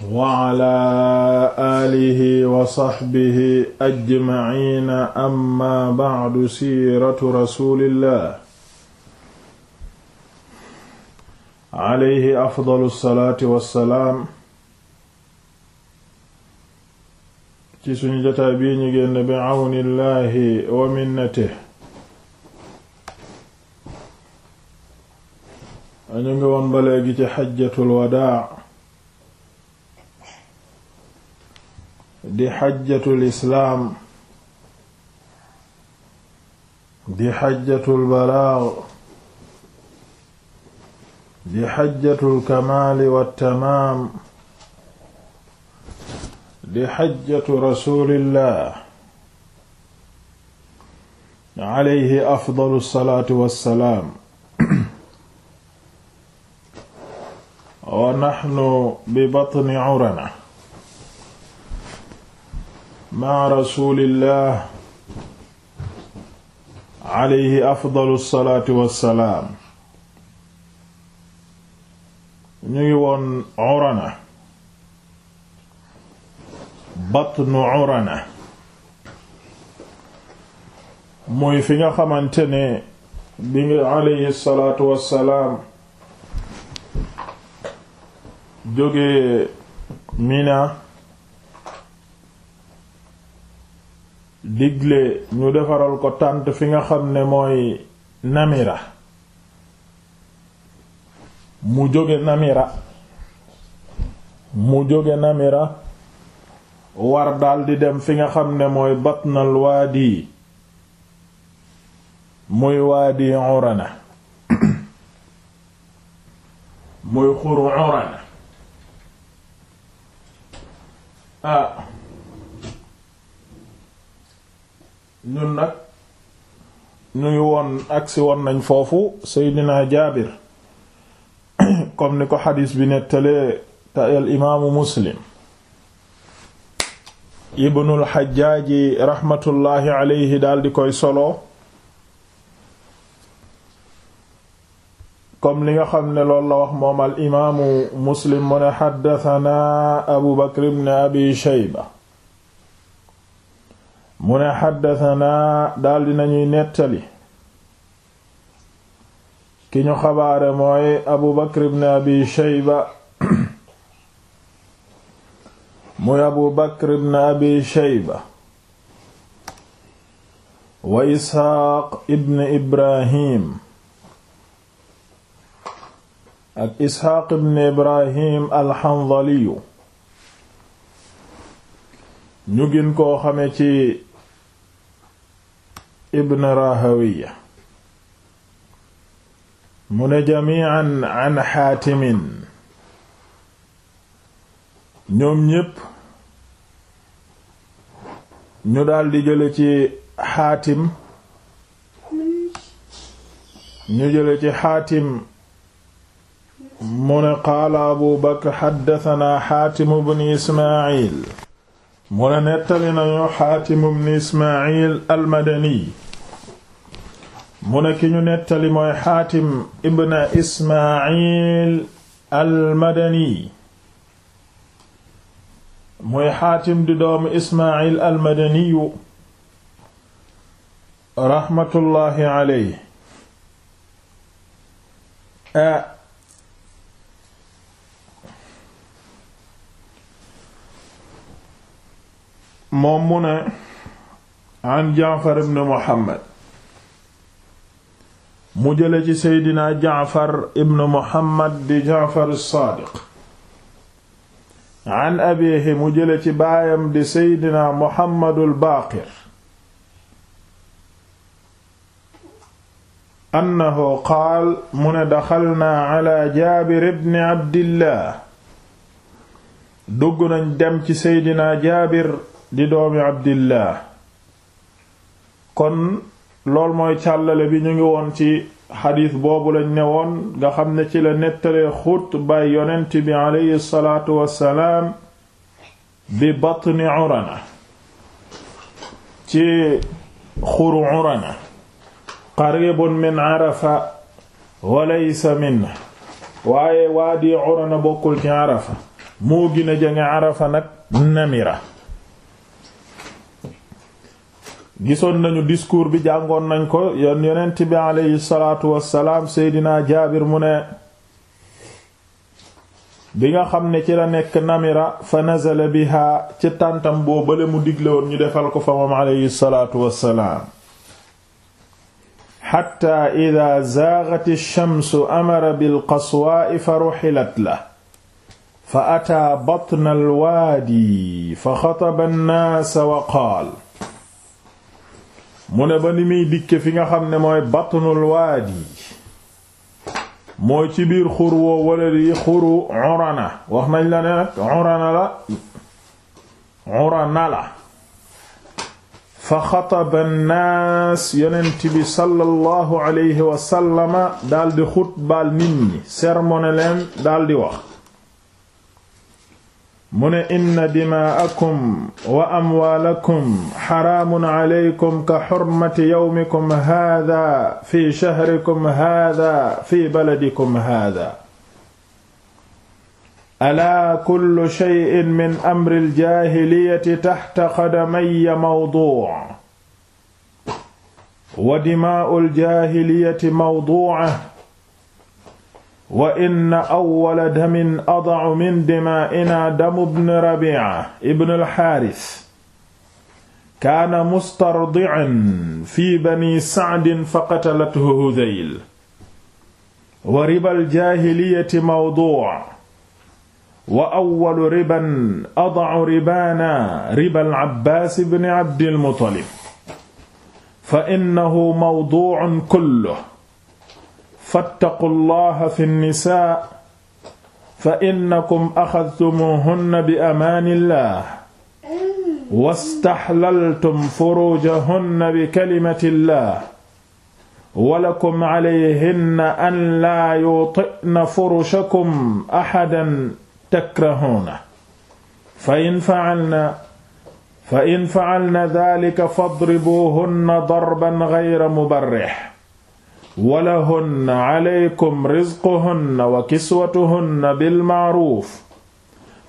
wa ala alihi wa saxbihi ajmaciina amma bacdu siiratu rasulillah alayhi afdalu salaati wassalaam ci suñu jotaay bi ñu génn bi awnillahi wa minnatihi ñu ngi woon ba léegi ci xajjatul wadaa di xajjatul islaam di xajjatul balaag di xajjatul kamaali wattamaam di xajjatu rasulillah alayhi afdalu salaatu wassalaam wa naxnu bi batni urana ma rasulillah alayhi afdalu salaatu wassalaam ñu ngi woon Urana batnu Urana mooy fi nga xamante ni bi nga alayhi salaatu wassalaam jóge Mina digle ñu defaral ko tànt fi nga xam ne mooy namira mu jóge namira mu jóge namira war daldi dem fi nga xam ne mooy batnal waadi muy waadi urana muy xuru urana ah ñun nag ñuy woon agsi woon nañ foofu seydina jaabir comme ni ko xadis bi nettalee te al imaamu muslim ibnul xajjaaji raxmatullaahi aleyhi daal di koy solo comme li nga xam ne loolu la wax moom al imaamu muslim mu ne abu bakr ibn abi shayba mu ne xaddatanaa daldi nañuy nettali ki ñu xabaare mooy abu bakr ibn abi shayba muy abu bakr ibn abi shayba wa isxaaq ibn ibrahim ak isxaaq ibn ibrahim alxandaliyu ñu gën koo xame ci bn rahawiya mu ne jamian an xaatimin ñoom ñépp ñu daldi jële ci xaatim ñu jële ci xaatim mu ne qaala abu bakr xaddatanaa xaatim ibn ismail mu nettali nañu xaatim ibn ismail almadani mu ne ki ñu nettali mooy xaatim ibn ismail almadani mooy xaatim moom mu ne an jaafar ibn muhammad mu jële ci seydina jaafar ibn muhammad di jaafar saadiq an abiihi mu jële ci baayam di seydina muhammadul baaqir annahu qaal mu ne daxalnaa ala jaabir ibn abdillah dugg nañ dem ci seydina jaabir di doomi kon lool mooy càllale bi ñu ngi woon ci xadiis boobu lañ ne woon nga xam ne ci la nettalee xutbay yonent bi aleyhi salaatu wassalaam bi batni urana ci xuru urana qaribun min waaye waadi urana bokkul ci arafa moo gën a jege nag namira gisoon nañu discours bi jàngoon nañ ko yon yonent bi aleyhi salaatu seydina jaabir mune bi nga xam ne ci la nekk namira fa nazala biha ci tàntam boo bale mu digle woon ñu defal ko fa moom aleyhi salaatu wassalaam xatta ida zaagat shamsu amara bilqaswaa'i fa ruxilat la fa ataa batna alwaadi fa xataba annaasa wa qaal mu ba ni muy dikke fi nga xam ne mooy batnul waadi mooy ci biir xur wo wala di xuru urana wax nañ la ne nag urana la urana la fa xataba nnaas yonent bi sallallahu alayhi wasallama daldi xutbaal nit ñi sermone leen daldi wax mu ne inna dimaakum wa amwaalakum xaraamun alaykum ka xurmati yawmikum haada fi shahrikum haada fi baladikum haada alaa kullu shay'in min amri aljaahiliyati taxta qadamaya mawduu wa dimaa'u aljaahiliyati mawduu'a wa inna awwala damin ada'u min dimaa'inaa damu bni rabiica ibn alxaaris kaana mustardican fi bani sacdin faqatalathu hudayl wa riba aljaahiliyati mawduuc wa awwalu riban adacu ribaana riba alcabbaas bni cabdilmutalib fa innahu mawduucun kulluhu fattaqu llaha fi nnisaa fa innakum axadtumuhunna bi amaanillah wastaxlaltum furujahunna bi kalimatillah walakum calayhinna an laa yuti'na furushakum axadan takrahuuna fa in facalna fa in facalna daalika fadribuuhunna darban gayra mubarrih walahunna alaykum rizquhunna wa kiswatuhunna bilma'ruf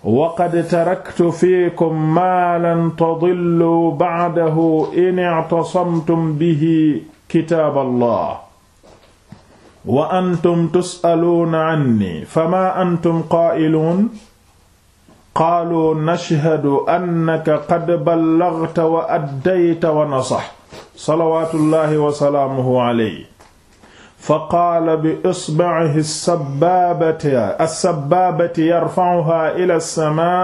wa qad taraktu fiikum maa lan tadilluu ba'dahu in i'tasamtum bihi kitaab allah wa antum tus'aluuna anni famaa antum qaa'iluun qaaluu nashhadu annaka qad ballagta wa addayta wa nasaxta salawaatullahi wa salaamuhu alayhi faqaala bi isba'ihi as-sabbaabati as-sabbaabati yarfa'uhaa ila as-samaa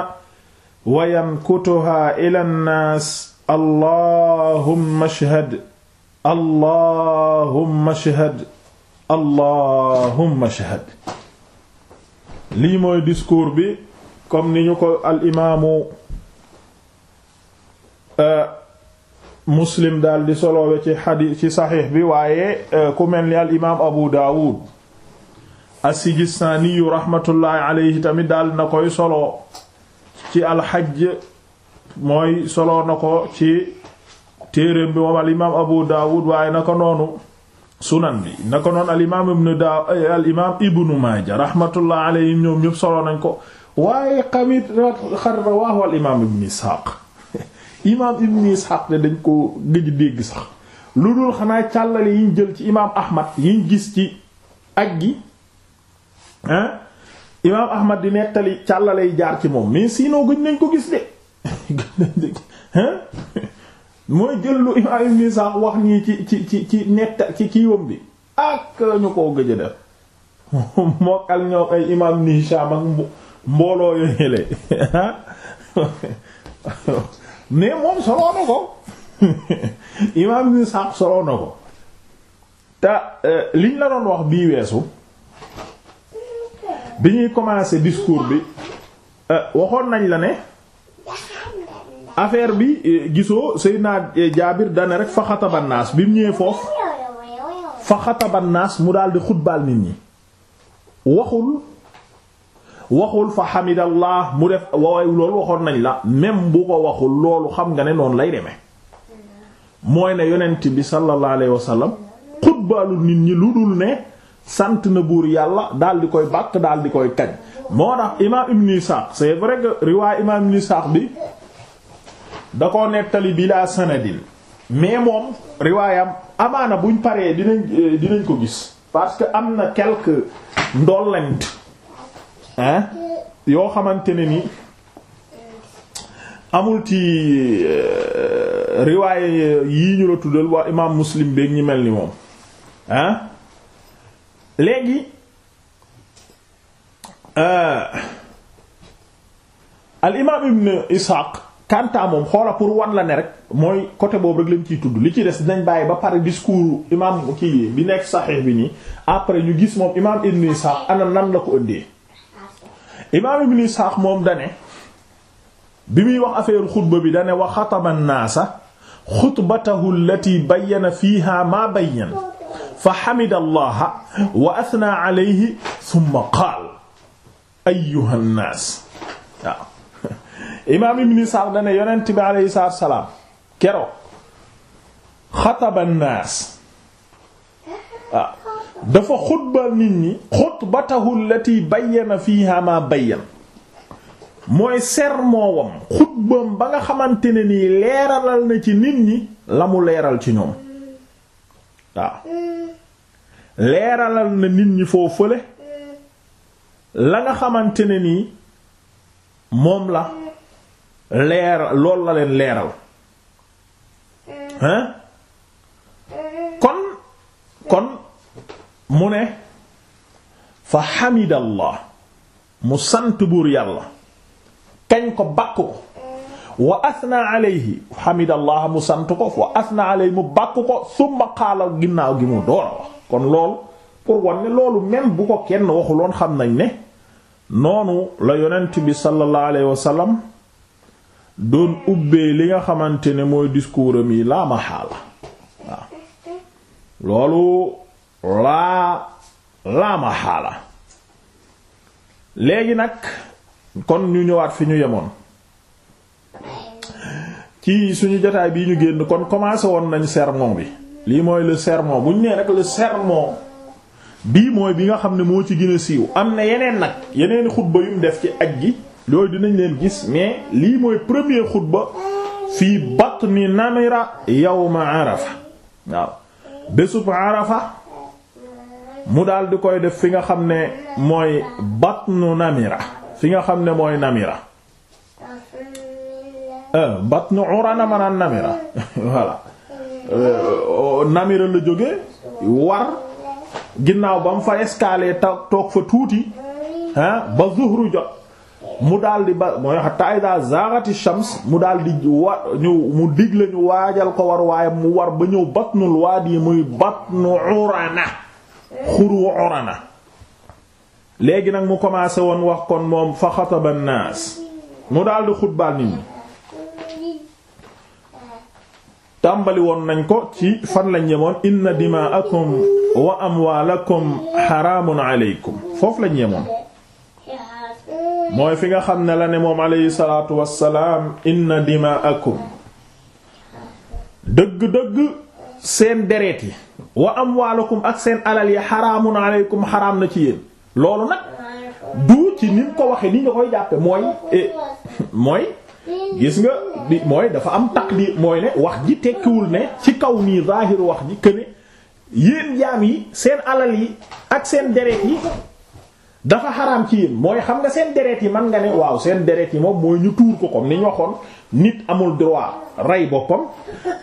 wa yankutuhaa ila an-naas allahumma ashhad allahumma ashhad allahumma ashhad lii mooy discours bi comme ni ñu ko al imaamu euh, muslim daal di soloowe ci xadiis ci saxiix bi waaye eh, ku mel ni al imaam abu daawud as-sijistaaniyu raxmatullaahi tamit daal na koy solo ci alxaj mooy solo na ko ci téereem bi moom al imaam abu daawud waaye na ko noonu sunan bi na ko noonu al imaam ibnu eh, maaja raxmatullaahi alayhi ñoom ñëpp solo nañ ko waaye xamit rawaahu al imaam ibnu isxaaq imaam ibn Ishaq de dañ ko gëj dégg sax lu dul xanaa càllale yiñ jël ci imaam Ahmad yiñ gis ci ak gi hein imaam Ahmad di nettali càllale yi jaar ci moom mais sinon gëj nañ ko gis de mooy jël lu imaam ibn Ishaq wax nii ci ci ci ci nett ci kiiwam bi ak ñu koo gëj a def mook ak ñoom ay imaam Nisham ak mbooloo yooyu le mais moom soloo ko imaam ibn Isxaaq soloo ko te liñ la doon wax bii weesu bi ñuy commencer discours bi waxoon nañ la ne affaire bi gisoo Seydina Jaabir dane rek fa xataban bi mu ñëwee foofu fa xataban mu daal di xutbaal nit ñi waxul waxul fa hamidallah mu def waaye loolu waxoon nañ la même bu ko waxul loolu xam nga ne noonu lay deme mooy ne yonent bi sallallahu alayhi wa sallam xutbaalu nit ñi lu dul ne sant na buur yàlla daal di koy bàkk daal di koy kañ moo tax imaam ibn Isaaq c'est vrai que riwaay imaam ibn Isaaq bi da ko nettali bila sanadin mais moom riwaayam amaana buñ paree dinañ dinañ ko gis parce que am na quelques ndollent yoo xamante ne ni amul ci euh, riwaaye yii ñu la tuddal waa imaam muslim beeg ñi mel ni moom léegi euh, al imaam ibn ishaq kanta moom xoola pour wan la ne rek mooy côté boobu rek lañ ciy tudd li ci des dinañ bàyyi ba pare discours imaam kii bi nekk saxiix bi nii après ñu gis moom imaam ibn ishaq ana nan la ko ëndee imaam ibn Isxaaq moom dane bi muy wax affaire xutba bi dane wa xataba an-naasa xutbatahu allati bayyana fiiha maa bayyana fa xamida allaha wa athnaa alayhi thumma qaal ayyuha nnaas waaw imaam ibn Isxaaq dane yonent bi alayhi salaatu wa salaam keroog xataba an-naas waaw dafa xutbal nit ñi xutbatahu allati bayyana fiha ma bayyan mooy sermon wam xutbam ba nga xamante ne nii leeralal na ci nit ñi la mu leeral ci ñoom waaw leeralal na nit ñi foo fële la nga xamante ne nii moom la leer lool la leen leeral hein kon kon mu ne fa xamidallah mu sant buur yàlla kañ ko bàkk ko wa asna alayhi xamidallah mu sant ko wa asna alayhi mu bàkk ko summa qaala ginnaaw gi mu door a wax kon loolu pour wan ne loolu même bu ko kenn waxuloon xam nañ ne noonu la yonent bi sallallahu alayhi wa sallam doon ubbee li nga xamante ne mooy discours am yi laa ma xaala loolu laa laa ma xaala léegi nag kon ñu ñëwaat fi ñu yemoon ci suñu jotaay bii ñu génn kon commencé woon nañ sermon bi lii mooy le sermon bu ñu nee rek le sermon bii mooy bi nga xam ne moo ci gën a siiw am na yeneen nag yeneen xutba yu mu def ci aj gi loolu dinañ leen gis mais lii mooy premier xutba fii batni namira yawma arafa waaw bésub arafa mu daal di koy def fi nga xam ne mooy batnu namira fi nga xam ne mooy namira euh, batnu urana maanaam namira voilà euh, namira la jóge war ginnaaw ba mu fa escale toog fa tuuti ah ba zuhru jot mu daal di ba mooy hatta iza zaghati shams mu daal di war ñu mu dig ñu waajal ko war waaye mu war ba ñëw batnul waadi muy batnu urana léegi nag mu commencé woon wax moom fa xataba mu daldi xutbaal tàmbali woon nañ ko ci fan lañ yemoon inna dimaakum wa amwaalakum xaraamun aleykum foofu lañ yemoon mooy fi nga xam ne la ne moom aleyhi salaatu wassalaam dimaakum dëgg-dëgg seen deret yi am amwaalakum ak seen alal yi xaraamun aleykum xaram na ci yéen loolu nag du ci ni ko waxe ni nga koy jàppe mooy e, mooy gis nga di mooy dafa am taqdir mooy ne wax ji tekkiwul ne ci kaw nii zaahir wax ji que ne jaam yi seen alal yi ak seen deret yi dafa xaram ci yéen mooy xam nga seen deret yi man nga ne waaw seen deret yi moom mooy ñu tuur ko comme ni ñu waxoon nit amul droit rey boppam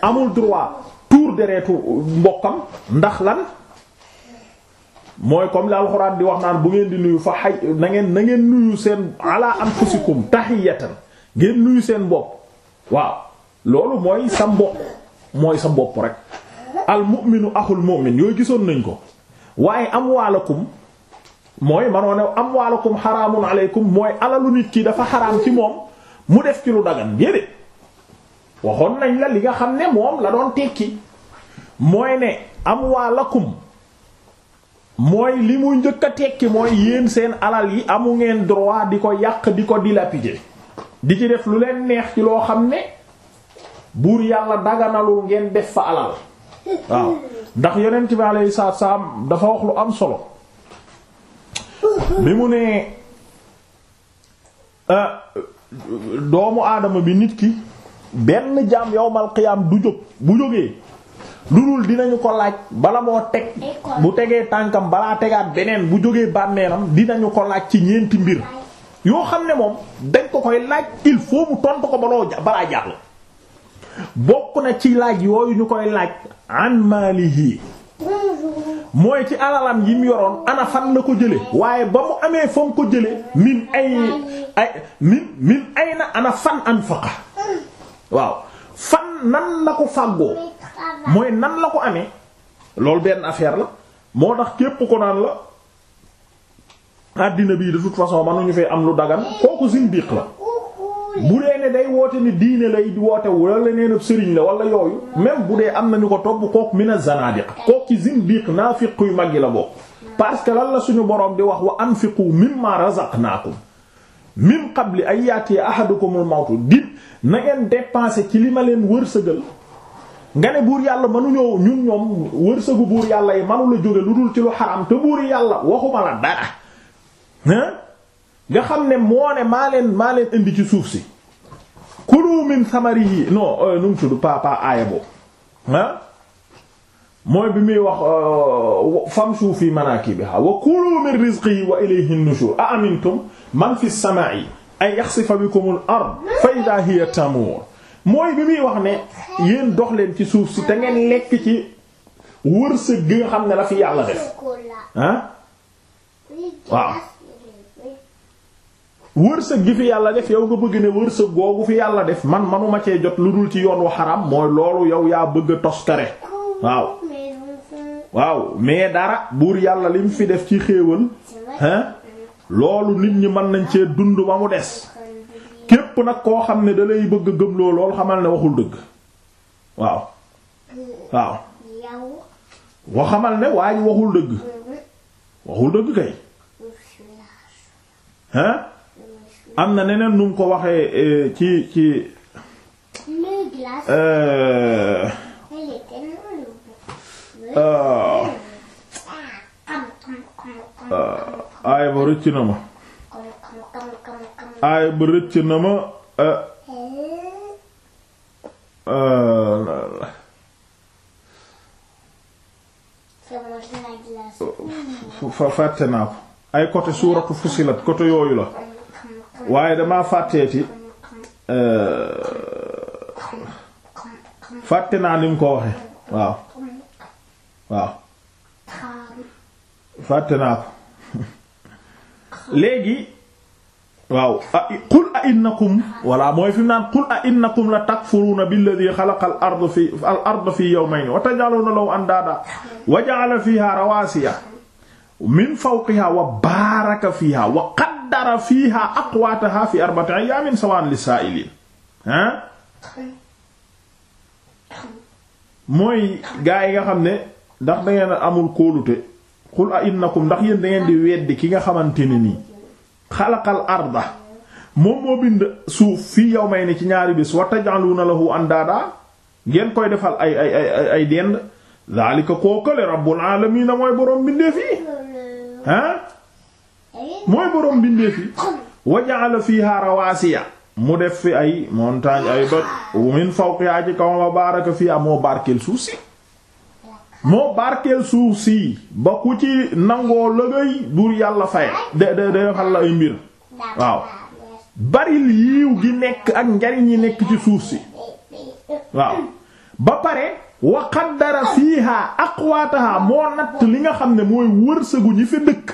amul droit tuur dereetu mbokkam ndax lan mooy comme li alxuraan di wax naan bu ngeen di nuyu fa xay na ngeen seen ngeen am seen ala anfusikum tahiyatan ngeen nuyu seen bopp waaw loolu mooy sa mbokk mooy sa bopp rek al mu'minu axul mu'min yooyu gisoon nañ ko waaye amwaalakum mooy manoo am amwaalakum xaraamun aleykum mooy alalu nit ki dafa xaraam ci moom mu def ci lu dagan déedéet waxoon nañ la li nga xam ne moom la doon tekki mooy ne amwaalakum mooy li mu njëkk a tekki mooy yéen seen alal yi amu ngeen droit di ko yàq di ko dilapider di ci def lu leen neex ci loo xam ne buur yàlla daganalul ngeen def fa alal waaw ndax yonent bi alayhi saa salaam dafa wax lu am solo bi mu ne euh, doomu aadama bi nit ki benn jaam yowmal qiyaam du jóg bu jógee lu dul dinañu ko laaj bala moo teg bu tegee tànkam balaa tegaat beneen bu jógee bàmmeelam dinañu ko laaj ci ñeenti mbir yoo xam ne moom dañ ko koy laaj il faut mu tontu ko baloo balaa jàll bokk na ci laaj yooyu ñu koy laaj an maalihi mooy ci alalam yi mu yoroon ana fan la ko jële waaye ba mu amee fa ko jële min ay ay ay na ana fan anfaqa waaw fan nan la ko fàggoo mooy nan la ko amee loolu benn affaire la moo tax képp ko naan la àddina bii de toute façon ñu fee am lu dagan kooku zindiq la bu dee ne day woote ni diine lay woote wala neen sëriñ la wala yooyu même bu dee am nañu ko topp kook mina zanadiq kook ci zindiq naafiq yu mag yi la bokk parce que lan na suñu borom di wax wa anfiqu mimma razaqnakum min qabli ay yaati ahadukumul mawtu dit na ngeen ci li ma leen wërsëgal nga ne buur yàlla mënuñoo ñun ñoom wërsëgu buur yàlla yi mënu la jóge lu dul ci lu xaram te buur yàlla waxuma la dara nga xam ne moo ne maa leen maa leen indi ci suuf si kulu min samarihi non euh, nu mu tudd papa aaya boobu ah mooy bi muy wax euh, famshu fi manakibiha wa kulu min rizqihi wa ilayhi nushur a amintum man fi samaa'i ay yaxsifa bikumul ard fa idha hiya tamur mooy bi muy wax ne yéen dox leen ci suuf si te ngeen lekk ci wërsëg gi nga xam ne la fi yàlla def ah waaw wërsëg gi fi yàlla def yow nga bëgg ne yàlla def man manuma cee jot lu dul ci yoon wu xaram mooy loolu yow yaa bëgg a toskare waaw waaw mais dara buur yàlla lim fi def ci xéewal hein loolu nit ñi mën nañ cee dund ba mu des képp nag koo xam ne dalay bëgg gëmloo loolu xamal ne waxul dëgg waaw waaw xamal ne waa ji waxul dëgg waxul dëgg kay hein am na neneen nu mu ko waxee eh, ci ci eh, ah. Ah. aaya ba rëcc na ma aaya ba rëcc ma eh, eh, fàtte naa ko ay côté suuratu fusilat côté yooyu la waaye damaa fàtteeti eh, fàtte naa ni mu ko waxe waaw waaw fàtte naa ko léegi waaw qul a innakum walla mooy fi mu naan qul a innakum la takfuruuna billadhi xalaqa al ard fi al fi yawmayn wa taj'aluuna lahu andaada wa ja'ala fiha rawaasiya min fawqiha wa baaraka fiha wa qaddara fiha aqwaataha fi arba'ati ayyaamin sawaa'an lis-saa'iliin ha mooy gaa nga xam ne ndax dangeen amul kóolute qul a innakum ndax yéen da ngeen di weddi ki nga xamante ne nii xalaqal arda moom moo bind suuf fii yawmayni ci ñaari bis wa taj'aluna lahu andaada ngeen koy defal ay ay ay ay dend daalika kookale rabbul aalamiina mooy boroom bindee fii ah mooy boroom bindee fii wa ja'ala fiha rawaasiya mu def fi ay montagne ay doj min fawqiha ci kaw wa baraka fiha moo barkeel suuf si moo barkeel suuf sii ba ku ci nangoo lëgëy buur yàlla fay de de de defal la ay mbir waaw baril yiiw gi nekk ak njariñ yi nekk ci suuf si waaw ba pare wa qaddara fiiha aqwaataha moo natt li nga xam ne mooy wërsëgu ñi fi dëkk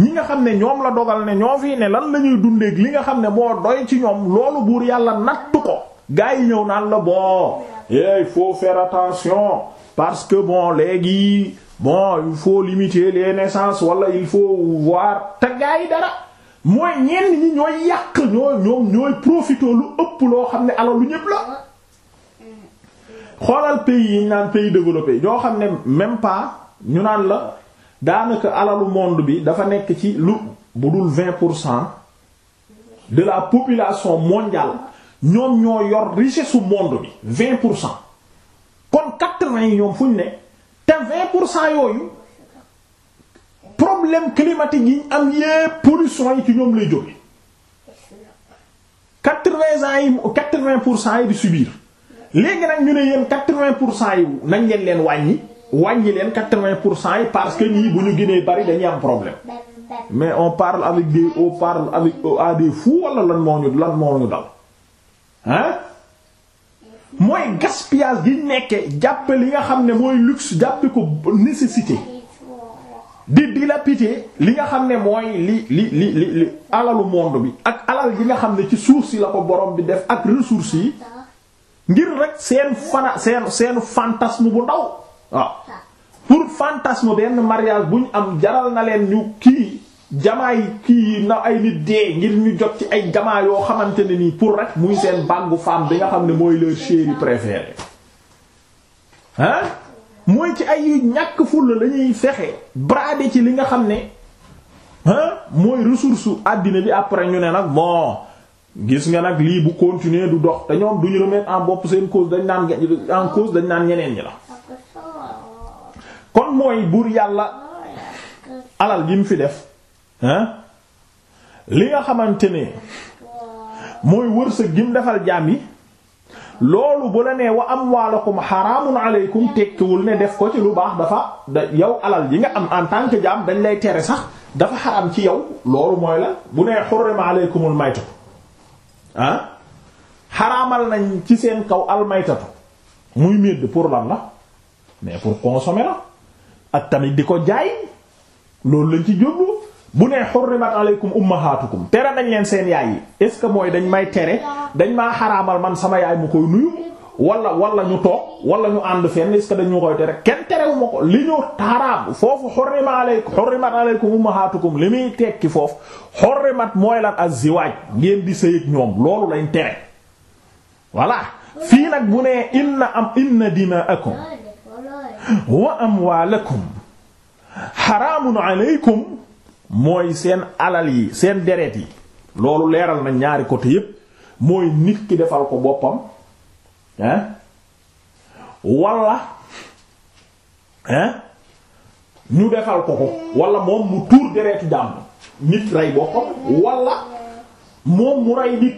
ñi nga xam ne ñoom la dogal ne ñoo fi ne lan la ñuy dundeek li nga xam ne moo doy ci ñoom loolu buur yàlla natt ko gaa yi ñëw naan la boo hey faut faire attention parce que bon léegi bon il faut limiter les naissances wala il faut voir te gaa yi dara mooy ñenn ñi ñooy yàq ñoo ñoom ñooy profité lu ëpp loo xam ne alalu ñépp la. xoolal pays yi ñu naan pays développé ñoo xam ne même pas ñu naan la daanaka alalu monde bi dafa nekk ci lu bu dul vingt pour cent de la population mondiale ñoom ñoo yor richesse su monde bi pour cent. kon quatre-vingts yi ñoom fu ñu ne te vingt pour cent yooyu problème climatique yi ñu am yépp pollution yi ci ñoom lay jóge quatre-vingts ans yi quatre-vingts pour cent yi di subir léegi nag ñu ne yéen quatre pour cent yi nañ leen leen wàññi wàññi leen quatre-vingts pour cent yi parce que nii bu ñu gënee bari dañuy am problème mais on parle avec des on parle avec euh, à des fous wala lan moo ñu lan moo ñu dal hein mooy gaspillage gi nekkee jàppe li nga xam ne mooy luxe jàppe ko nécessité di dilapider li nga xam ne mooy li li li li alalu monde bi ak alal yi nga xam ne ci suuf si la ko borom bi def ak ressources yi ngir rek seen fana seen seen fantasme bu ndaw pour fantasme benn mariage bu ñu am jaral na leen ñu kii yi kii na ay nit dee ngir ñu jot ci ay jamaa yoo xamante ne nii pour rek muy seen bangu femme bi nga xam ne mooy leur chérie préférée ah mooy ci ay ñàkk fulla lañuy ñuy fexe brader ci li nga xam ne ah mooy ressource àddina bi après ñu ne nag bon gis nga nag lii bu continuer du dox te ñoom duñu remettre en bopp seen cause dañ naan en cause dañ naan ñeneen ñi la kon mooy buur yàlla alal yi mu fi def li nga xamante ne mooy wërsëg gi mu defal jaam yi loolu bu la nee am ko ma amwaalakum xaraamun aleykum tekkiwul ne def ko ci lu baax dafa da yow alal yi nga am en tant que jaam dañ lay tere sax dafa xaraam ci yow loolu mooy la bu nee xurrima aleykumul maytatu ah xaraamal nañ ci seen kaw almaytatu muy médd pour lan la mais pour consommer la ak tamit di ko jaay loolu lañ ci jóbbu bu nee xurrimat aleykum ummahatukum tere nañ leen seen yaay yi est ce que mooy dañ may tere dañ maa xaraamal man sama yaay mu koy nuyu wala walla ñu toog wala ñu ànd fenn est dañ ñu koy tere kenn terewu ma ko li ñu xaraam foofu xurrima aleykum xurrimat aleykum ummahatukum li muy tekki foofu xurrimat mooy lan az-ziwaaj ngeen di sëy ñoom loolu lañ tere voilà fii nag bu nee inna am inna dimaakum wa amwaalakum xaraamun aleykum mooy seen alal yi seen deret yi loolu leeral na ñaari côté yépp mooy nit ki defal ko boppam hein walla hein ñu defal ko ko walla moom mu tuur deretu jàmm nit rey boppam walla moom mu rey nit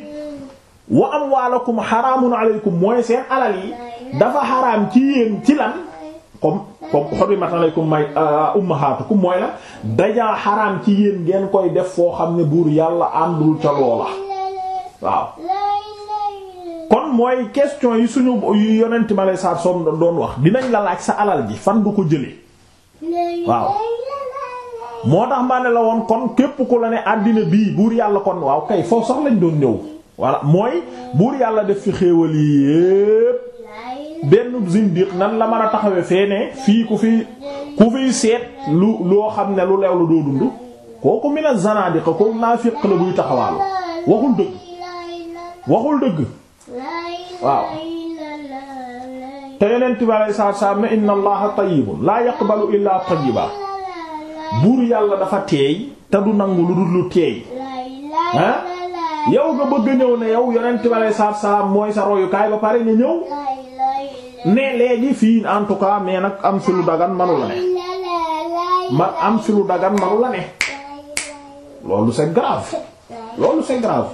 wa xaramu xaraamun aleykum mooy seen alal yi dafa xaraam ci yéen ci lan comme comme hurimat alaykum may euh, ummahatukum mooy la dañaa xaraam ci yéen ngeen koy def foo xam ne buur yàlla àndul ca loola waaw kon mooy question yi suñu yu yonent ma lay saar soom doon wax dinañ la laaj sa alal ji fan du ko jëlee waaw moo tax maa ne la woon kon képp ku la ne àddina bii buur yàlla kon waaw kay foofu sax doon ñëw voilà mooy buur yàlla def fi xéewal yépp benn zindiq nan la mën a taxawe fee ne fii ku fi ku fiy seet lu loo xam ne lu leew la doo dund kooku min az-zanadiqa kooku naafiq la buy taxawaalu waxul dëgg waxul dëgg waaw te yeneen tibaale saar saar ne inna allaha tayyibun laa yaqbalu illaa tayyiba buur yàlla dafa teey te du nangu lu dul lu teey ah yow nga bëgg ñëw ne yow yeneen tibaale saar saar mooy sa royukaay ba pare nga ñëw mais léegi fii en tout cas mais nag am fi lu dagan manu la ne ma am fi lu dagan manu ne loolu c'est grave loolu c'est grave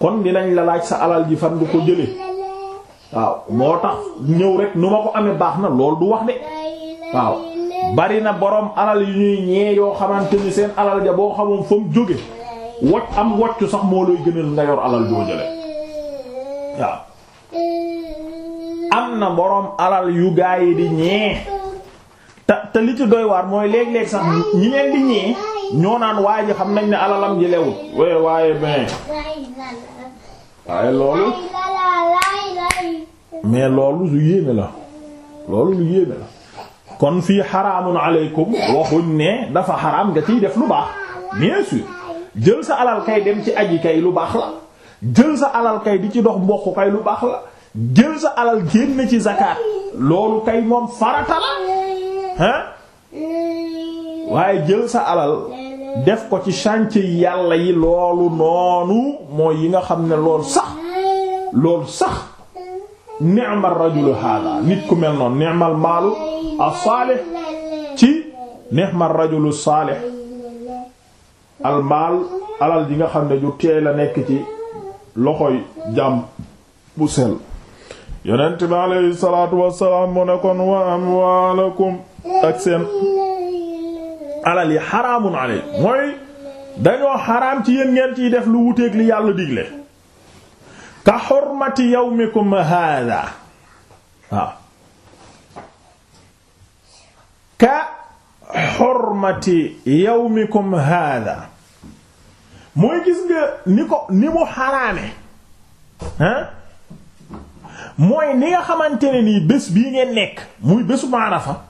kon dinañ la laaj sa alal ji fan du ko jële waaw moo tax ñëw rek nu ma ko amee baax na lool du wax de waaw bari na boroom alal yu ñuy ñee yoo xamante ni seen alal ja boo xamoon fa mu jóge wacc am waccu sax moo lay gënal nga yor alal joo waaw am na boroom alal yu gaa yi di ñee te li ci doy mooy léeg-léeg sax ñi leen di ñee ñoo naan waaye ji xam nañ ne alalam ji lewul waaye waaye ben waaye loolu mais loolu lu yéeme la loolu kon fii xaraamun aleykum waxuñ ne dafa xaram nga ciy def lu baax bien jël sa alal kay dem ci aji lu baax la jël sa alal kay di ci dox mboq lu baax la jël sa alal génn ci zakat loolu kay moom farata la ah waaye jël sa alal def ko ci chantier yàlla yi loolu noonu mooy yi nga xam ne loolu sax loolu sax ni'mal rajulu hada nit ku mel noonu ni'mal maalu as-salih ci ni'mal rajulu salih al maal alal ji nga xam ne ju teey la nekk ci loxoy jàmm bu yonent bi alayhi salaatu wassalaam mu ne kon wa amwaalakum ak seen alal yi xaraamun alay mooy dañoo xaraam ci yéen ngeen ciy def lu wuteeg li yàlla digle ka xormati yawmikum haadaa ka xormati yawmikum haadaa mooy ni nga xamante ne nii bés bii ngeen nekk muy bésu Arafa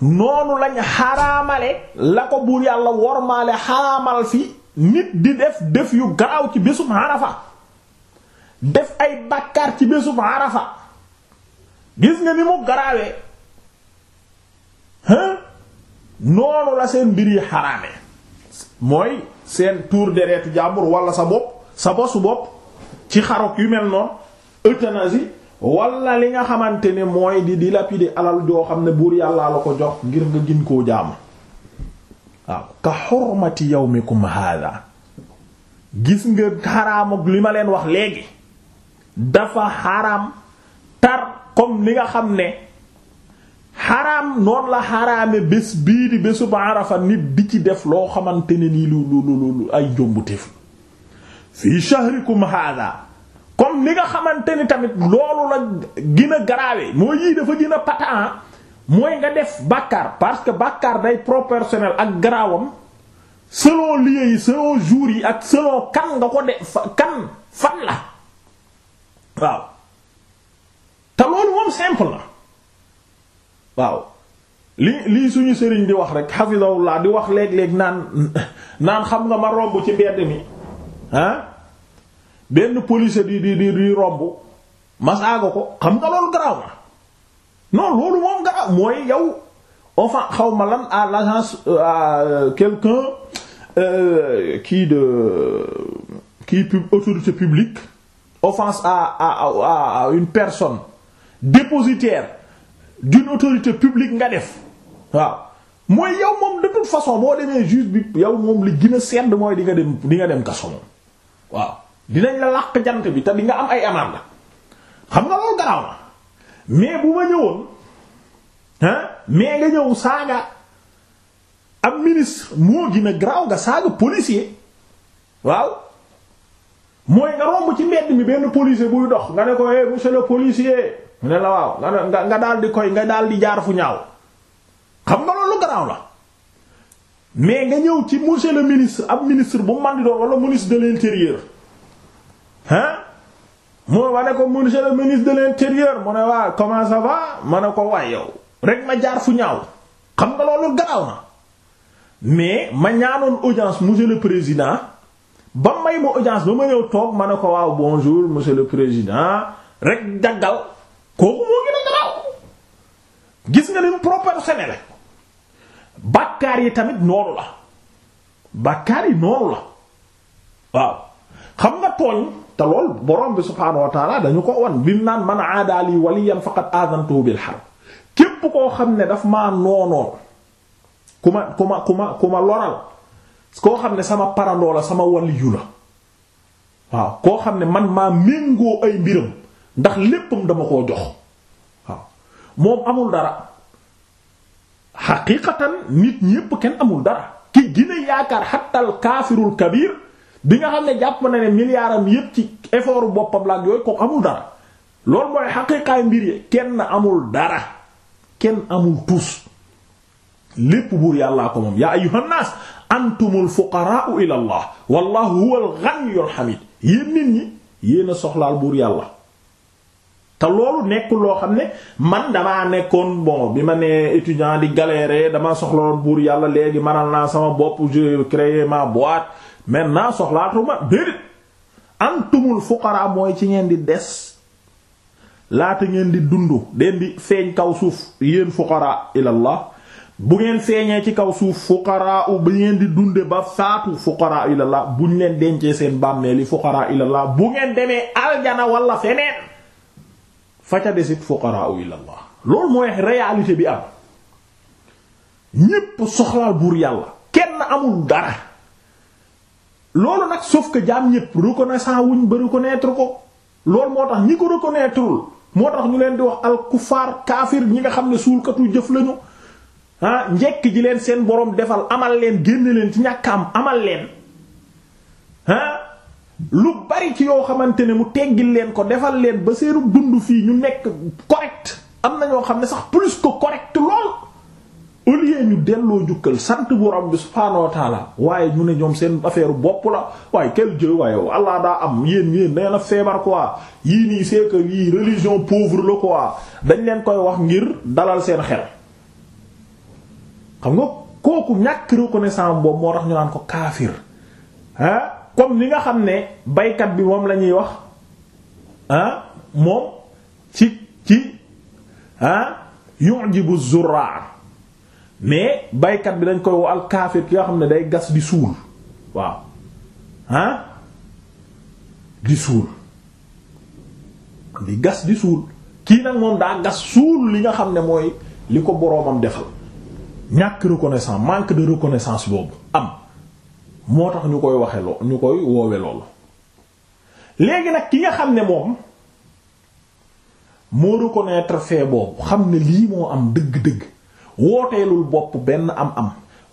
noonu lañ xaraamale la ko buur yàlla wormaale xaraamal fi nit di def def yu garaaw ci bésu Arafa def ay bàkkaar ci bésu Arafa gis nga ni mu garaawee hein noonu la seen mbir yi xaraame mooy seen tuur deretu jàmbur wala sa bopp sa bosu bopp ci xarok yu mel noonu euthanasie wala li nga xamante ne mooy di dilapider alal joo xam ne buur yàlla la ko jox ngir nga gin koo jaamu waaw ka xormati yawmikum hada gis nga xaraam ak li ma leen wax léegi dafa xaraam tar comme li nga xam ne xaraam noon la xaraame bés bii di bésu Arafa nit di ci def loo xamante ne nii lu lu lu lu ay jombu teef fii shahrikum hada comme li nga xamante ni tamit loolu la gën a garaawe mooy yii dafa gën a ah mooy nga def bàkkaar parce que bàkkaar day proportionnel ak garaawam selon lieu yi jour yi ak selon kan nga ko def kan fan la waaw te loolu moom simple la waaw li lii suñu sëriñ di wax rek laa di wax léeg-léeg naan naan xam nga ma romb ci mbedd mi ah? benn police di di di di romb masaaga ko xam nga loolu garaaw na non loolu moom garaaw mooy yow enfin xaw ma lan à l'agence euh, à euh, quelqu'un kii euh, de kii autorité publique offense à une personne dépositaire d'une autorité publique nga def waaw mooy yow moom de toute façon boo demee juge bi yow moom li gën a sedd mooy di dem di nga dem kaso moom waaw dinañ la làq jant bi te di nga am ay amande xam nga loolu garaaw na mais bu ma ñëwoon ah mais nga ñëw saaga am ministre moo gën a garaaw nga saaga policier waaw mooy nga romb ci mbedd mi benn policier buy dox nga ne ko eh monsieur le policier mu ne la waaw nga nga daal di koy nga daal di jaar fu ñaaw xam nga loolu garaaw la mais nga ñëw ci monsieur le ministre ab ministre bu man di doon wala ministre de l'intérieur ah moo ma ne ko monsieur le ministre de l'intérieur mu ne waa comment ça va ma ne ko waay yow rek ma jaar fu ñaaw xam nga loolu garaw na mais ma ñaanoon audience monsieur le président ba may mu audience ba ma ñëw toog ma ne ko waaw bonjour monsieur le président rek daggal kooku moo gën a garaw gis nga lim proportionnel bàkkaar yi tamit noonu la bàkkaar yi noonu la waaw xam nga tooñ te lool borom bi subhaanahu wa dañu ko won bim naan man aadaali waliyan faqad aadantuhu bil harb képp koo xam ne dafa ma noonoon ku ma ku ma ku ma ku ma loral koo xam ne sama parandoo la sama waliyu la waaw koo xam ne man maa méngoo ay mbiram ndax léppam dama koo jox waaw moom amul dara xaqiiqatan nit ñépp kenn amul dara ki gina yaakaar xatta kaafirul kabiir bi nga xam ne jàpp na ne milliardam yépp ci effort boppam la ak yooyu kooku amul dara loolu mooy xaqiiqaay mbir yi kenn amul dara kenn amul tuus lépp buur yàlla ko moom yaa ayyuhan naas antumul fuqaraa'u ila allah wallahu huwal ghaniyyul hamid yéen nit ñi yéen a soxlaal buur yàlla te loolu nekkul loo xam ne man damaa nekkoon bon bi ma nee étudiant di galérer dama soxlaloon buur yàlla léegi manal naa sama bopp je créer maintenant soxlaatuma déedéet antumul fuqara mooy ci ngeen di des laata ngeen di dund den feeñ kaw suuf yéen fuqara ilallah bu ngeen feeñee ci kaw suuf fuqara u bi ngeen di dunde ba saatu fuqara ilallah seen bàmmeeli fuqara ilallah bu ngeen demee aljana wala feneen fa ca desit fuqara u loolu mooy réalité bi am ñépp soxlaal buur yàlla kenn amul dara loolu nag sauf que jaam ñépp reconnaissant wuñ ba reconnaître ko loolu moo tax ñi ko reconnaîtreul moo tax ñu leen di wax al kaafir ñi nga xam ne suulkatu jëf lañu ah njekk ji leen seen boroom defal amal leen génne leen ci ñàkk am amal leen ah, lu bari ci yoo xamante ne mu teggil leen ko defal leen ba seenu dund fii ñu nekk correct am na ñoo xam ne sax plus que correct lool au lieu ñu delloo jukkal sant borom bi subhaanahu wa waaye ñu ne ñoom seen affaire bopp la waaye quel Dieu waaye Allah daa am yéen yéen nee feebar quoi yii nii c'est que yii religion pauvre la quoi dañ leen koy wax ngir dalal seen xel xam nga kooku ñàkk reconnaissance boobu moo tax ñu naan ko kaafir ah comme ni nga xam ne baykat bi moom lañuy wax ah moom ci ci ah yu'jibu zurra mais baykat bi dañ koy woo alkaafir ki nga xam ne day gas di suul waaw ah di suul di gas di suul kii nag moom daa gas suul li nga xam ne mooy li ko boroomam defal ñàkk reconnaissance manque de reconnaissance boobu am moo tax ñu koy waxe loo ñu koy woowe loolu léegi nag ki nga xam ne moom moo reconnaître fait boobu xam ne lii moo am dëgg-dëgg wooteelul bopp benn am-am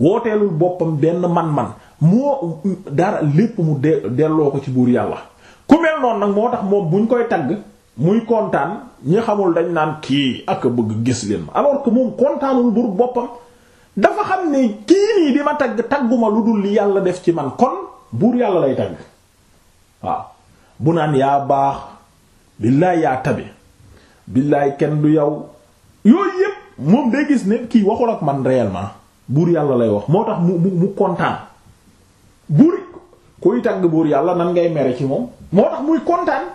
wooteelul boppam benn man-man moo dara lépp mu de delloo ko ci buur yàlla ku mel noonu nag moo tax moom buñ koy tagg muy kontaan ñi xamul dañ naan kii ak bëgg gis leen ma alors que moom kontaanul buur boppam dafa xam ne kii nii di ma tagg tagguma lu dul li yàlla def ci man kon buur yàlla lay tagg waaw bu naan yaa baax billaay yaa tabe billaay kenn du yow yooyu yépp moom day gis ne kii waxul ak man réellement buur yàlla lay wax moo tax mu mu mu kontaan buur kuy tagg buur yàlla nan ngay mere ci moom moo tax muy kontaan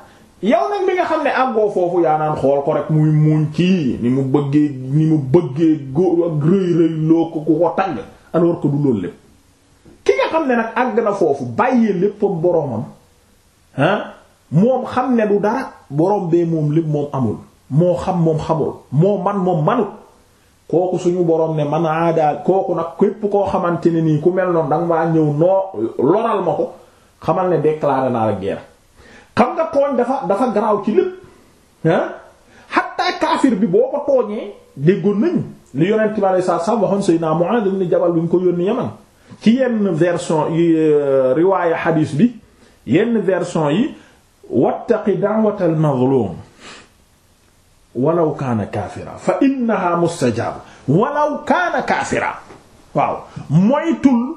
yow nag mi nga xam ne àggoo foofu yaa naan xool ko rek mu bëggee ni mu bëggee góor ak rëy rëy loo àgg na foofu bàyyee léppam boroomam ah moom xam ne du dara boroom bee moom lépp moom amul moo xam moom xamul moo man moom manut kooku suñu borom ne man aada kooku nag képp koo xamante ne nii ku mel noonu danga maa ñëw noo loral ma ko xamal ne déclaré naa la guerre xam nga tooñ dafa dafa garaaw ci lépp ah hatta kaafir bi boo ko tooñee déggoon nañ li yonent bi alei satu salam waxoon Seydina Mu'adh ibn Jabal bu ñu ko yónni Yaman ci yenn version yi euh, riwaaya hadis bi yenn version yi wattaqi da'watal mazlum walaw kaana kaafira fa innaha mustajaaba walaw kaana kaafira waaw moytul